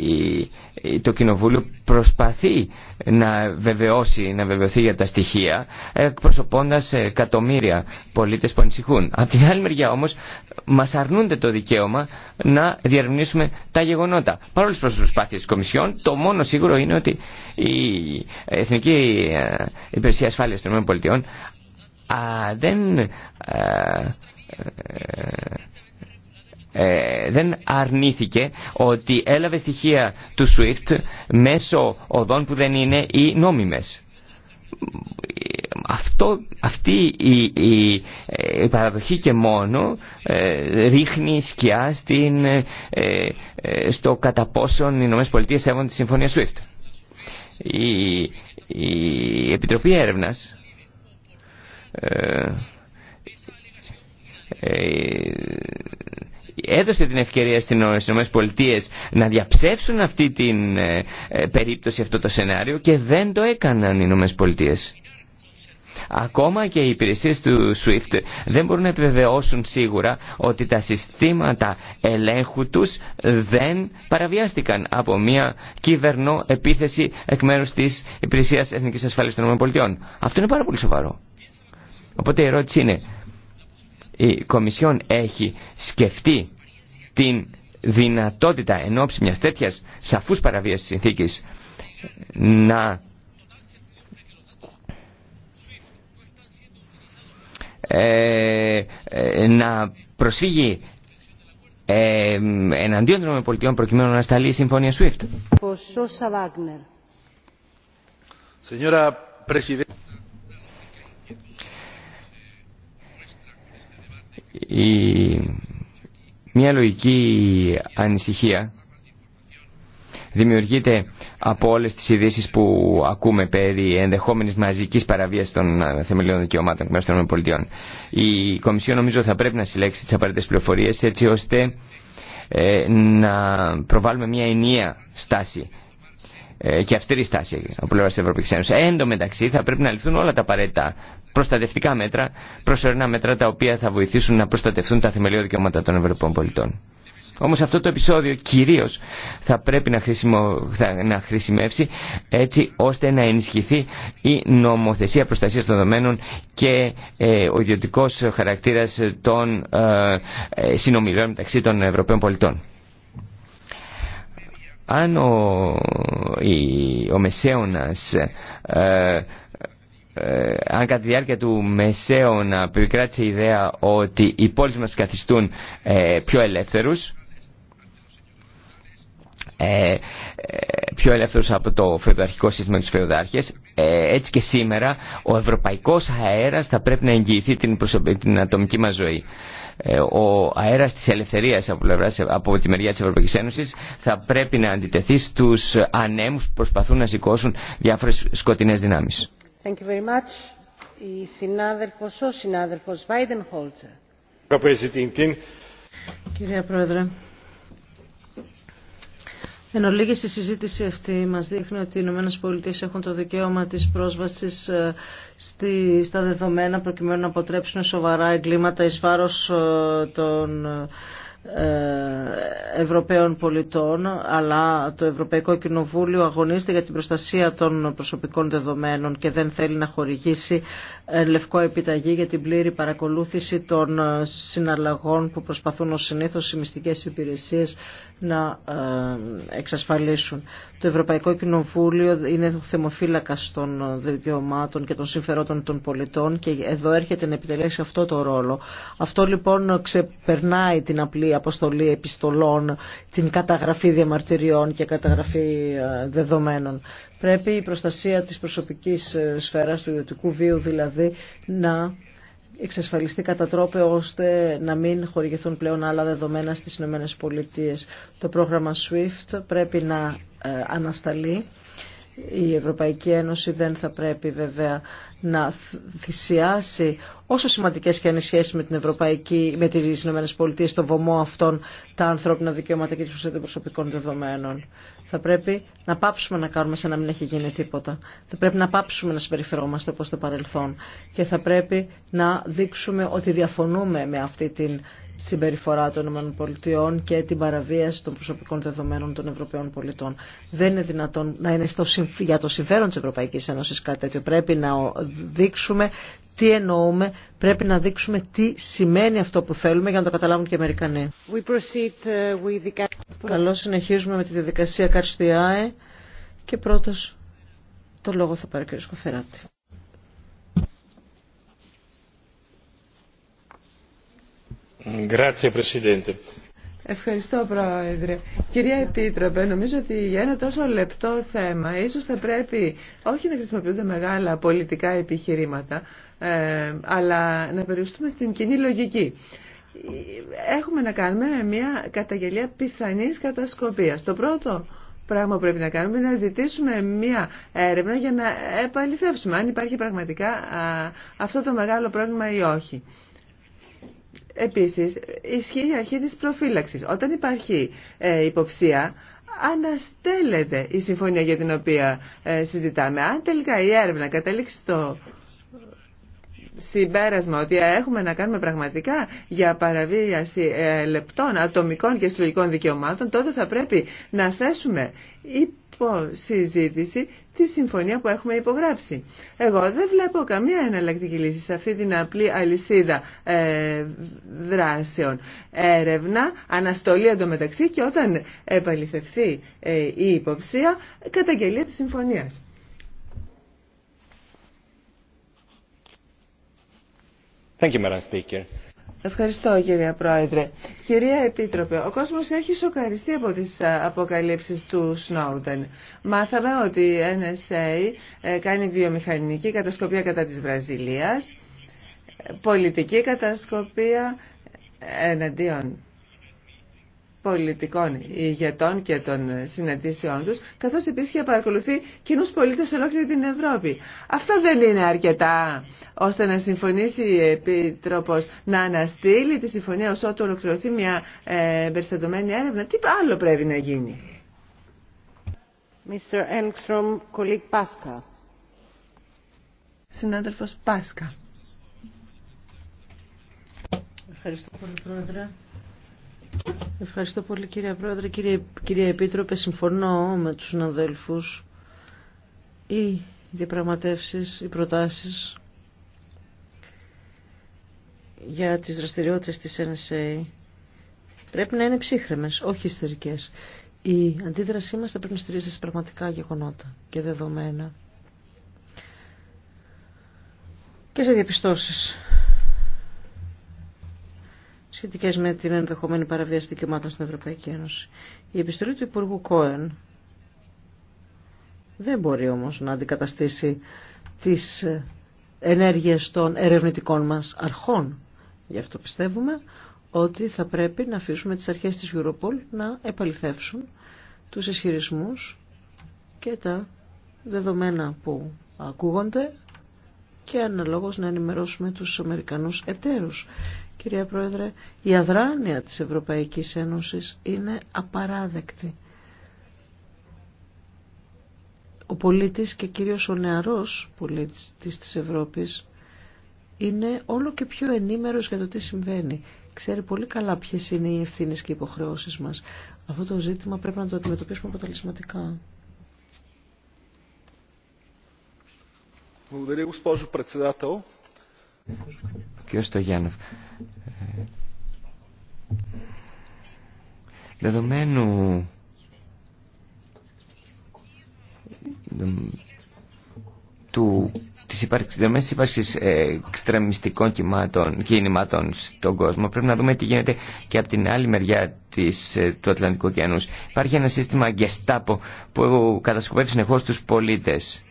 Speaker 4: το Κοινοβούλιο προσπαθεί να βεβαιώσει, να βεβαιωθεί για τα στοιχεία, εκπροσωπώντας εκατομμύρια πολίτες που ανησυχούν. Από την άλλη μεριά όμως μας αρνούνται το δικαίωμα να διαρμηνήσουμε τα γεγονότα. Παρόλε τις προσπάθειες της Κομισιόν, το μόνο σίγουρο είναι ότι η Εθνική ε, Υπηρεσία Ασφάλειας των ΗΠΑ δεν ε, ε, ε, δεν αρνήθηκε ότι έλαβε στοιχεία του SWIFT μέσω οδών που δεν είναι οι νόμιμες. Αυτό, αυτή η, παραδοχή και μόνο ε, ρίχνει σκιά στην, ε, στο κατά πόσον οι νομές Πολιτείες σέβονται τη Συμφωνία SWIFT. Η, Επιτροπή Έρευνας έδωσε την ευκαιρία στι ΗΠΑ να διαψεύσουν αυτή την ε, ε, περίπτωση, αυτό το σενάριο και δεν το έκαναν οι ΗΠΑ. Ακόμα και οι υπηρεσίες του SWIFT δεν μπορούν να επιβεβαιώσουν σίγουρα ότι τα συστήματα ελέγχου τους δεν παραβιάστηκαν από μια κυβερνό επίθεση εκ μέρους της Υπηρεσίας Εθνικής Ασφάλειας των ΗΠΑ. Αυτό είναι πάρα πολύ σοβαρό. Οπότε η ερώτηση είναι, η Κομισιόν έχει σκεφτεί την δυνατότητα εν ώψη μιας τέτοιας σαφούς παραβίασης συνθήκης να ε, ε, να προσφύγει ε, εναντίον των πολιτιών προκειμένου να σταλεί η συμφωνία SWIFT. μια λογική ανησυχία δημιουργείται από όλε τι ειδήσει που ακούμε περί ενδεχόμενης μαζικής παραβίασης των ε, θεμελιών δικαιωμάτων μέσα των ΗΠΑ. Η Κομισιόν νομίζω θα πρέπει να συλλέξει τι απαραίτητε πληροφορίε, έτσι ώστε ε, να προβάλλουμε μια ενιαία στάση ε, και αυστηρή στάση από πλευρά τη Ευρωπαϊκή Ένωση. Ε, εν τω μεταξύ, θα πρέπει να ληφθούν όλα τα απαραίτητα προστατευτικά μέτρα, προσωρινά μέτρα τα οποία θα βοηθήσουν να προστατευτούν τα θεμελιώδη δικαιώματα των Ευρωπαίων πολιτών. Όμω αυτό το επεισόδιο κυρίω θα πρέπει να, χρησιμο... να χρησιμεύσει έτσι ώστε να ενισχυθεί η νομοθεσία προστασία των δεδομένων και ε, ο ιδιωτικό χαρακτήρα των ε, ε, συνομιλών μεταξύ των Ευρωπαίων πολιτών αν ο, η, ο ε, ε, αν κατά τη διάρκεια του μεσαίωνα επικράτησε η ιδέα ότι οι πόλεις μας καθιστούν ε, πιο ελεύθερους ε, πιο ελεύθερους από το φεουδαρχικό σύστημα της τους έτσι και σήμερα ο ευρωπαϊκός αέρας θα πρέπει να εγγυηθεί την, την ατομική μας ζωή ε, ο αέρας της ελευθερίας από, από τη μεριά της Ευρωπαϊκής Ένωσης θα πρέπει να αντιτεθεί στους ανέμους που προσπαθούν να σηκώσουν διάφορες σκοτεινές δυνάμεις.
Speaker 1: Πρόεδρε, Εν ολίγη, η συζήτηση αυτή μα δείχνει ότι οι Ηνωμένες Πολιτείες έχουν το δικαίωμα τη πρόσβαση ε, στα δεδομένα προκειμένου να αποτρέψουν σοβαρά εγκλήματα εις βάρος ε, των ε, ε, Ευρωπαίων πολιτών, αλλά το Ευρωπαϊκό Κοινοβούλιο αγωνίζεται για την προστασία των προσωπικών δεδομένων και δεν θέλει να χορηγήσει ε, λευκό επιταγή για την πλήρη παρακολούθηση των ε, συναλλαγών που προσπαθούν ως συνήθως οι μυστικές υπηρεσίες να εξασφαλίσουν. Το Ευρωπαϊκό Κοινοβούλιο είναι θεμοφύλακας των δικαιωμάτων και των συμφερόντων των πολιτών και εδώ έρχεται να επιτελέσει αυτό το ρόλο. Αυτό λοιπόν ξεπερνάει την απλή αποστολή επιστολών, την καταγραφή διαμαρτυριών και καταγραφή ε, δεδομένων. Πρέπει η προστασία της προσωπικής ε, σφαίρας, του ιδιωτικού βίου δηλαδή, να εξασφαλιστεί κατά τρόπο ώστε να μην χορηγηθούν πλέον άλλα δεδομένα στις ΗΠΑ. Το πρόγραμμα SWIFT πρέπει να ε, ανασταλεί η Ευρωπαϊκή Ένωση δεν θα πρέπει βέβαια να θυσιάσει όσο σημαντικές και αν με, την Ευρωπαϊκή, με τις ΗΠΑ, στο βωμό αυτών τα ανθρώπινα δικαιώματα και τις προστασία των προσωπικών δεδομένων. Θα πρέπει να πάψουμε να κάνουμε σαν να μην έχει γίνει τίποτα. Θα πρέπει να πάψουμε να συμπεριφερόμαστε όπως το παρελθόν. Και θα πρέπει να δείξουμε ότι διαφωνούμε με αυτή την συμπεριφορά των ΗΠΑ και την παραβίαση των προσωπικών δεδομένων των Ευρωπαίων πολιτών. Δεν είναι δυνατόν να είναι στο, για το συμφέρον της Ευρωπαϊκής Ένωσης κάτι τέτοιο. Πρέπει να δείξουμε τι εννοούμε, πρέπει να δείξουμε τι σημαίνει αυτό που θέλουμε για να το καταλάβουν και οι Αμερικανοί. Uh, Καλώς συνεχίζουμε με τη διαδικασία Καρστιάε και πρώτος το λόγο θα πάρει ο κ.
Speaker 3: Ευχαριστώ, Πρόεδρε. Κυρία Επίτροπε, νομίζω ότι για ένα τόσο λεπτό θέμα ίσως θα πρέπει όχι να χρησιμοποιούνται μεγάλα πολιτικά επιχειρήματα, ε, αλλά να περιοριστούμε στην κοινή λογική. Έχουμε να κάνουμε μια καταγγελία πιθανής κατασκοπίας. Το πρώτο πράγμα που πρέπει να κάνουμε είναι να ζητήσουμε μία έρευνα για να επαληθεύσουμε αν υπάρχει πραγματικά αυτό το μεγάλο πρόβλημα ή όχι. Επίσης, ισχύει η αρχή της προφύλαξης. Όταν υπάρχει ε, υποψία, αναστέλλεται η συμφωνία για την οποία ε, συζητάμε. Αν τελικά η έρευνα καταλήξει στο συμπέρασμα ότι έχουμε να κάνουμε πραγματικά για παραβίαση ε, λεπτών ατομικών και συλλογικών δικαιωμάτων, τότε θα πρέπει να θέσουμε Λοιπόν, συζήτηση τη συμφωνία που έχουμε υπογράψει. Εγώ δεν βλέπω καμία εναλλακτική λύση σε αυτή την απλή αλυσίδα ε, δράσεων. Έρευνα, αναστολή εντωμεταξύ και όταν επαληθευθεί ε, η υποψία, καταγγελία της συμφωνίας.
Speaker 4: Thank you,
Speaker 3: Ευχαριστώ κυρία Πρόεδρε. Κυρία Επίτροπε, ο κόσμος έχει σοκαριστεί από τις ε, αποκαλύψεις του Σνόουντεν. Μάθαμε ότι η NSA ε, κάνει βιομηχανική κατασκοπία κατά της Βραζιλίας, ε, πολιτική κατασκοπία εναντίον πολιτικών ηγετών και των συναντήσεών τους, καθώς επίσης και παρακολουθεί κοινούς πολίτες σε ολόκληρη την Ευρώπη. Αυτά δεν είναι αρκετά ώστε να συμφωνήσει η Επίτροπος να αναστείλει τη συμφωνία ως ότου ολοκληρωθεί μια ε, περιστατωμένη έρευνα. Τι άλλο πρέπει να γίνει. Mr. Engstrom, colleague Pasca. Συνάδελφος Πάσκα.
Speaker 1: Ευχαριστώ πολύ, Πρόεδρε. Ευχαριστώ πολύ κύριε Πρόεδρε. Κύριε, κύριε Επίτροπε, συμφωνώ με τους συναδέλφου Οι διαπραγματεύσεις, οι προτάσεις για τις δραστηριότητες της NSA πρέπει να είναι ψύχρεμες, όχι ιστερικές. Η αντίδρασή μας θα πρέπει να στηρίζεται σε πραγματικά γεγονότα και δεδομένα και σε διαπιστώσεις σχετικέ με την ενδεχομένη παραβίαση δικαιωμάτων στην Ευρωπαϊκή Ένωση. Η επιστολή του Υπουργού Κόεν δεν μπορεί όμω να αντικαταστήσει τι ε, ενέργειε των ερευνητικών μας αρχών. Γι' αυτό πιστεύουμε ότι θα πρέπει να αφήσουμε τις αρχές της Europol να επαληθεύσουν τους ισχυρισμού και τα δεδομένα που ακούγονται και αναλόγως να ενημερώσουμε τους Αμερικανούς εταίρους κυρία Πρόεδρε, η αδράνεια της Ευρωπαϊκής Ένωσης είναι απαράδεκτη. Ο πολίτης και κυρίως ο νεαρός πολίτης της Ευρώπης είναι όλο και πιο ενήμερος για το τι συμβαίνει. Ξέρει πολύ καλά ποιες είναι οι ευθύνες και οι υποχρεώσεις μας. Αυτό το ζήτημα πρέπει να το αντιμετωπίσουμε αποτελεσματικά.
Speaker 4: Κύριε Στογιάννευ, ε, δεδομένου του, της ύπαρξης, δεδομένης ύπαρξης ε, εξτρεμιστικών κινημάτων στον κόσμο πρέπει να δούμε τι γίνεται και από την άλλη μεριά ε, του Ατλαντικού ωκεανού. Υπάρχει ένα σύστημα γεστάπο που κατασκοπεύει συνεχώς τους πολίτες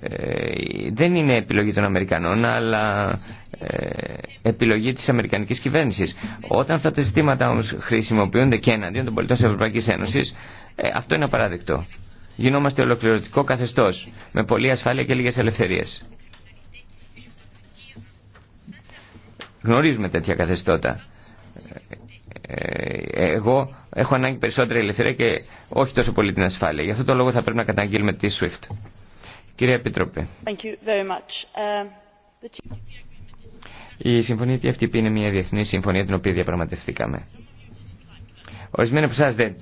Speaker 4: ε, δεν είναι επιλογή των Αμερικανών αλλά ε, επιλογή της Αμερικανικής κυβέρνησης. Όταν αυτά τα ζητήματα όμως χρησιμοποιούνται και εναντίον των πολιτών της Ευρωπαϊκής Ένωσης ε, αυτό είναι απαράδεκτο. Γινόμαστε ολοκληρωτικό καθεστώς με πολλή ασφάλεια και λίγες ελευθερίες. Γνωρίζουμε τέτοια καθεστώτα. Ε, εγώ έχω ανάγκη περισσότερη ελευθερία και όχι τόσο πολύ την ασφάλεια. Γι' αυτό το λόγο θα πρέπει να καταγγείλουμε τη SWIFT. Κυρία Επίτροπε. Um, η συμφωνία TFTP είναι μια διεθνή συμφωνία την οποία διαπραγματευτήκαμε. Ορισμένοι από εσά δεν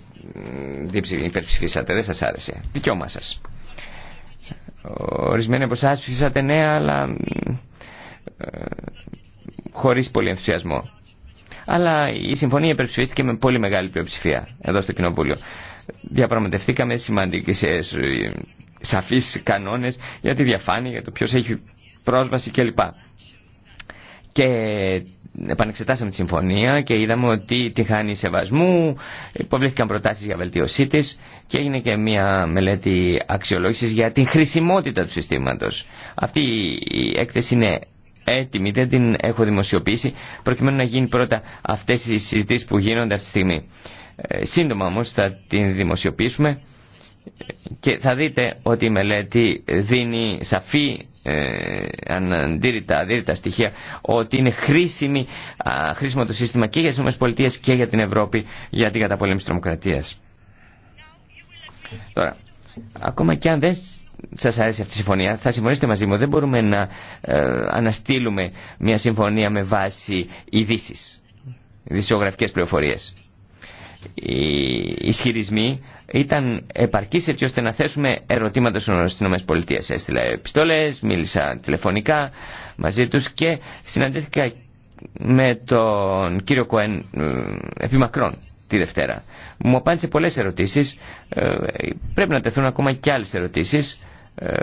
Speaker 4: υπερψηφίσατε, δεν σα άρεσε. Δικαίωμά σα. Ορισμένοι από εσά ψηφίσατε ναι, αλλά ε, χωρίς πολύ ενθουσιασμό. Αλλά η συμφωνία υπερψηφίστηκε με πολύ μεγάλη πλειοψηφία εδώ στο Κοινοβούλιο. Διαπραγματευτήκαμε σημαντικές ε, σαφείς κανόνες για τη διαφάνεια, για το ποιος έχει πρόσβαση κλπ. Και επανεξετάσαμε τη συμφωνία και είδαμε ότι τη χάνει σεβασμού, υποβλήθηκαν προτάσεις για βελτίωσή της και έγινε και μια μελέτη αξιολόγησης για την χρησιμότητα του συστήματος. Αυτή η έκθεση είναι έτοιμη, δεν την έχω δημοσιοποιήσει, προκειμένου να γίνει πρώτα αυτές οι συζητήσεις που γίνονται αυτή τη στιγμή. Ε, σύντομα όμως θα την δημοσιοποιήσουμε. Και θα δείτε ότι η μελέτη δίνει σαφή ε, αντίρρητα, αντίρρητα στοιχεία ότι είναι χρήσιμη, χρήσιμο το σύστημα και για τις πολιτείες και για την Ευρώπη για την καταπολέμηση τρομοκρατίας. Τώρα, ακόμα και αν δεν σας αρέσει αυτή η συμφωνία, θα συμφωνήσετε μαζί μου, δεν μπορούμε να ε, αναστείλουμε μια συμφωνία με βάση ειδήσει, ειδησιογραφικές πληροφορίες. Οι ισχυρισμοί ήταν επαρκή έτσι ώστε να θέσουμε ερωτήματα στις Πολιτεία. Έστειλα επιστολέ, μίλησα τηλεφωνικά μαζί τους και συναντήθηκα με τον κύριο Κοέν ε, επί μακρόν τη Δευτέρα. Μου απάντησε πολλές ερωτήσεις, ε, πρέπει να τεθούν ακόμα και άλλες ερωτήσεις ε,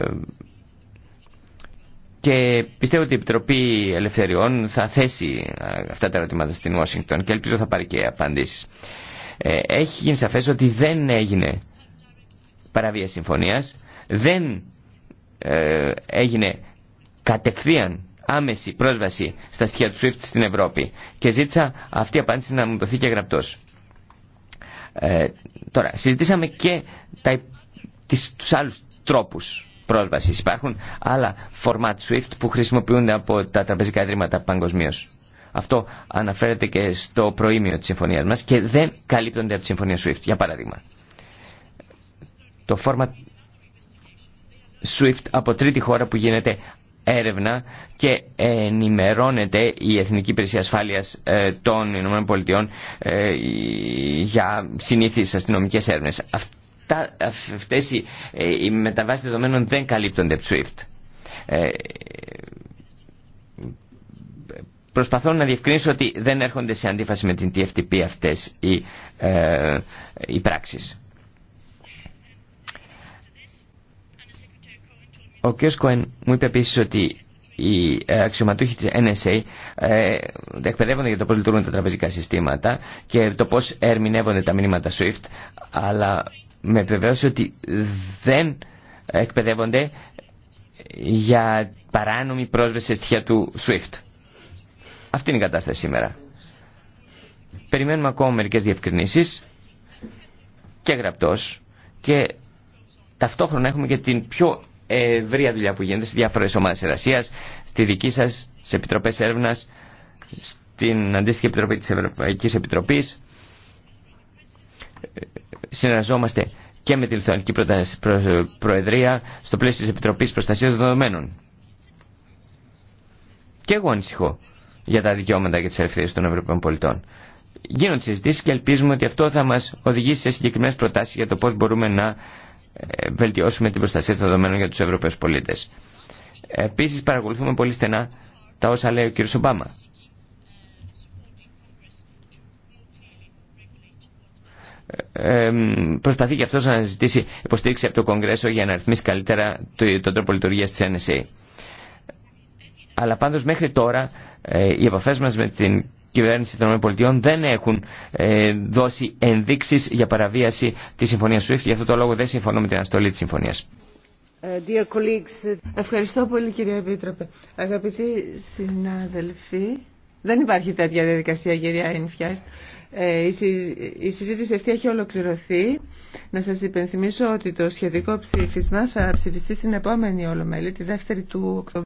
Speaker 4: και πιστεύω ότι η Επιτροπή Ελευθεριών θα θέσει αυτά τα ερωτήματα στην Ουάσιγκτον και ελπίζω θα πάρει και απαντήσεις. Ε, έχει γίνει σαφές ότι δεν έγινε παραβία συμφωνίας, δεν ε, έγινε κατευθείαν άμεση πρόσβαση στα στοιχεία του SWIFT στην Ευρώπη και ζήτησα αυτή η απάντηση να μου δοθεί και γραπτός. Ε, τώρα, συζητήσαμε και τα, τις, τους άλλους τρόπους πρόσβασης. Υπάρχουν άλλα format SWIFT που χρησιμοποιούνται από τα τραπεζικά ιδρύματα παγκοσμίω. Αυτό αναφέρεται και στο προήμιο της συμφωνίας μας και δεν καλύπτονται από τη συμφωνία SWIFT, για παράδειγμα. Το φόρμα SWIFT από τρίτη χώρα που γίνεται έρευνα και ενημερώνεται η Εθνική Υπηρεσία Ασφάλειας ε, των ΗΠΑ ε, για συνήθεις αστυνομικές έρευνες. Αυτά, αυτές οι, ε, μεταβάσεις δεδομένων δεν καλύπτονται από SWIFT. Προσπαθώ να διευκρινίσω ότι δεν έρχονται σε αντίφαση με την TFTP αυτές οι, ε, πράξεις. Ο κ. Κοέν μου είπε επίσης ότι οι ε, αξιωματούχοι της NSA ε, εκπαιδεύονται για το πώς λειτουργούν τα τραπεζικά συστήματα και το πώς ερμηνεύονται τα μηνύματα SWIFT, αλλά με επιβεβαίωσε ότι δεν εκπαιδεύονται για παράνομη πρόσβαση στοιχεία του SWIFT. Αυτή είναι η κατάσταση σήμερα. Περιμένουμε ακόμα μερικές διευκρινήσει και γραπτός και ταυτόχρονα έχουμε και την πιο ευρία δουλειά που γίνεται σε διάφορε ομάδε εργασίας, στη δική σα στι επιτροπέ έρευνα, στην αντίστοιχη επιτροπή της Ευρωπαϊκή Επιτροπής. Συνεργαζόμαστε και με τη Λιθουανική Προεδρία στο πλαίσιο της Επιτροπής Προστασίας Δεδομένων. Και εγώ ανησυχώ για τα δικαιώματα και τι ελευθερίε των Ευρωπαίων πολιτών. Γίνονται συζητήσει και ελπίζουμε ότι αυτό θα μα οδηγήσει σε συγκεκριμένε προτάσει για το πώ μπορούμε να ε, βελτιώσουμε την προστασία των δεδομένων για του Ευρωπαίου πολίτες. Επίσης παρακολουθούμε πολύ στενά τα όσα λέει ο κ. Ομπάμα. Ε, ε, προσπαθεί και αυτό να ζητήσει υποστήριξη από το Κογκρέσο για να ρυθμίσει καλύτερα τον τρόπο λειτουργία τη NSA. Αλλά πάντω μέχρι τώρα ε, οι επαφές μας με την κυβέρνηση των ΗΠΑ δεν έχουν ε, δώσει ενδείξεις για παραβίαση της συμφωνίας SWIFT. Γι' αυτό το λόγο δεν συμφωνώ με την αναστολή της συμφωνίας.
Speaker 3: Ε, dear Ευχαριστώ πολύ κύριε Επίτροπε. Αγαπητοί συνάδελφοι, δεν υπάρχει τέτοια διαδικασία κυρία Ενφιάς. Η συζήτηση αυτή έχει ολοκληρωθεί. Να σα υπενθυμίσω ότι το σχετικό ψήφισμα θα ψηφιστεί στην επόμενη Ολομέλη, τη δεύτερη του Οκτωβρίου.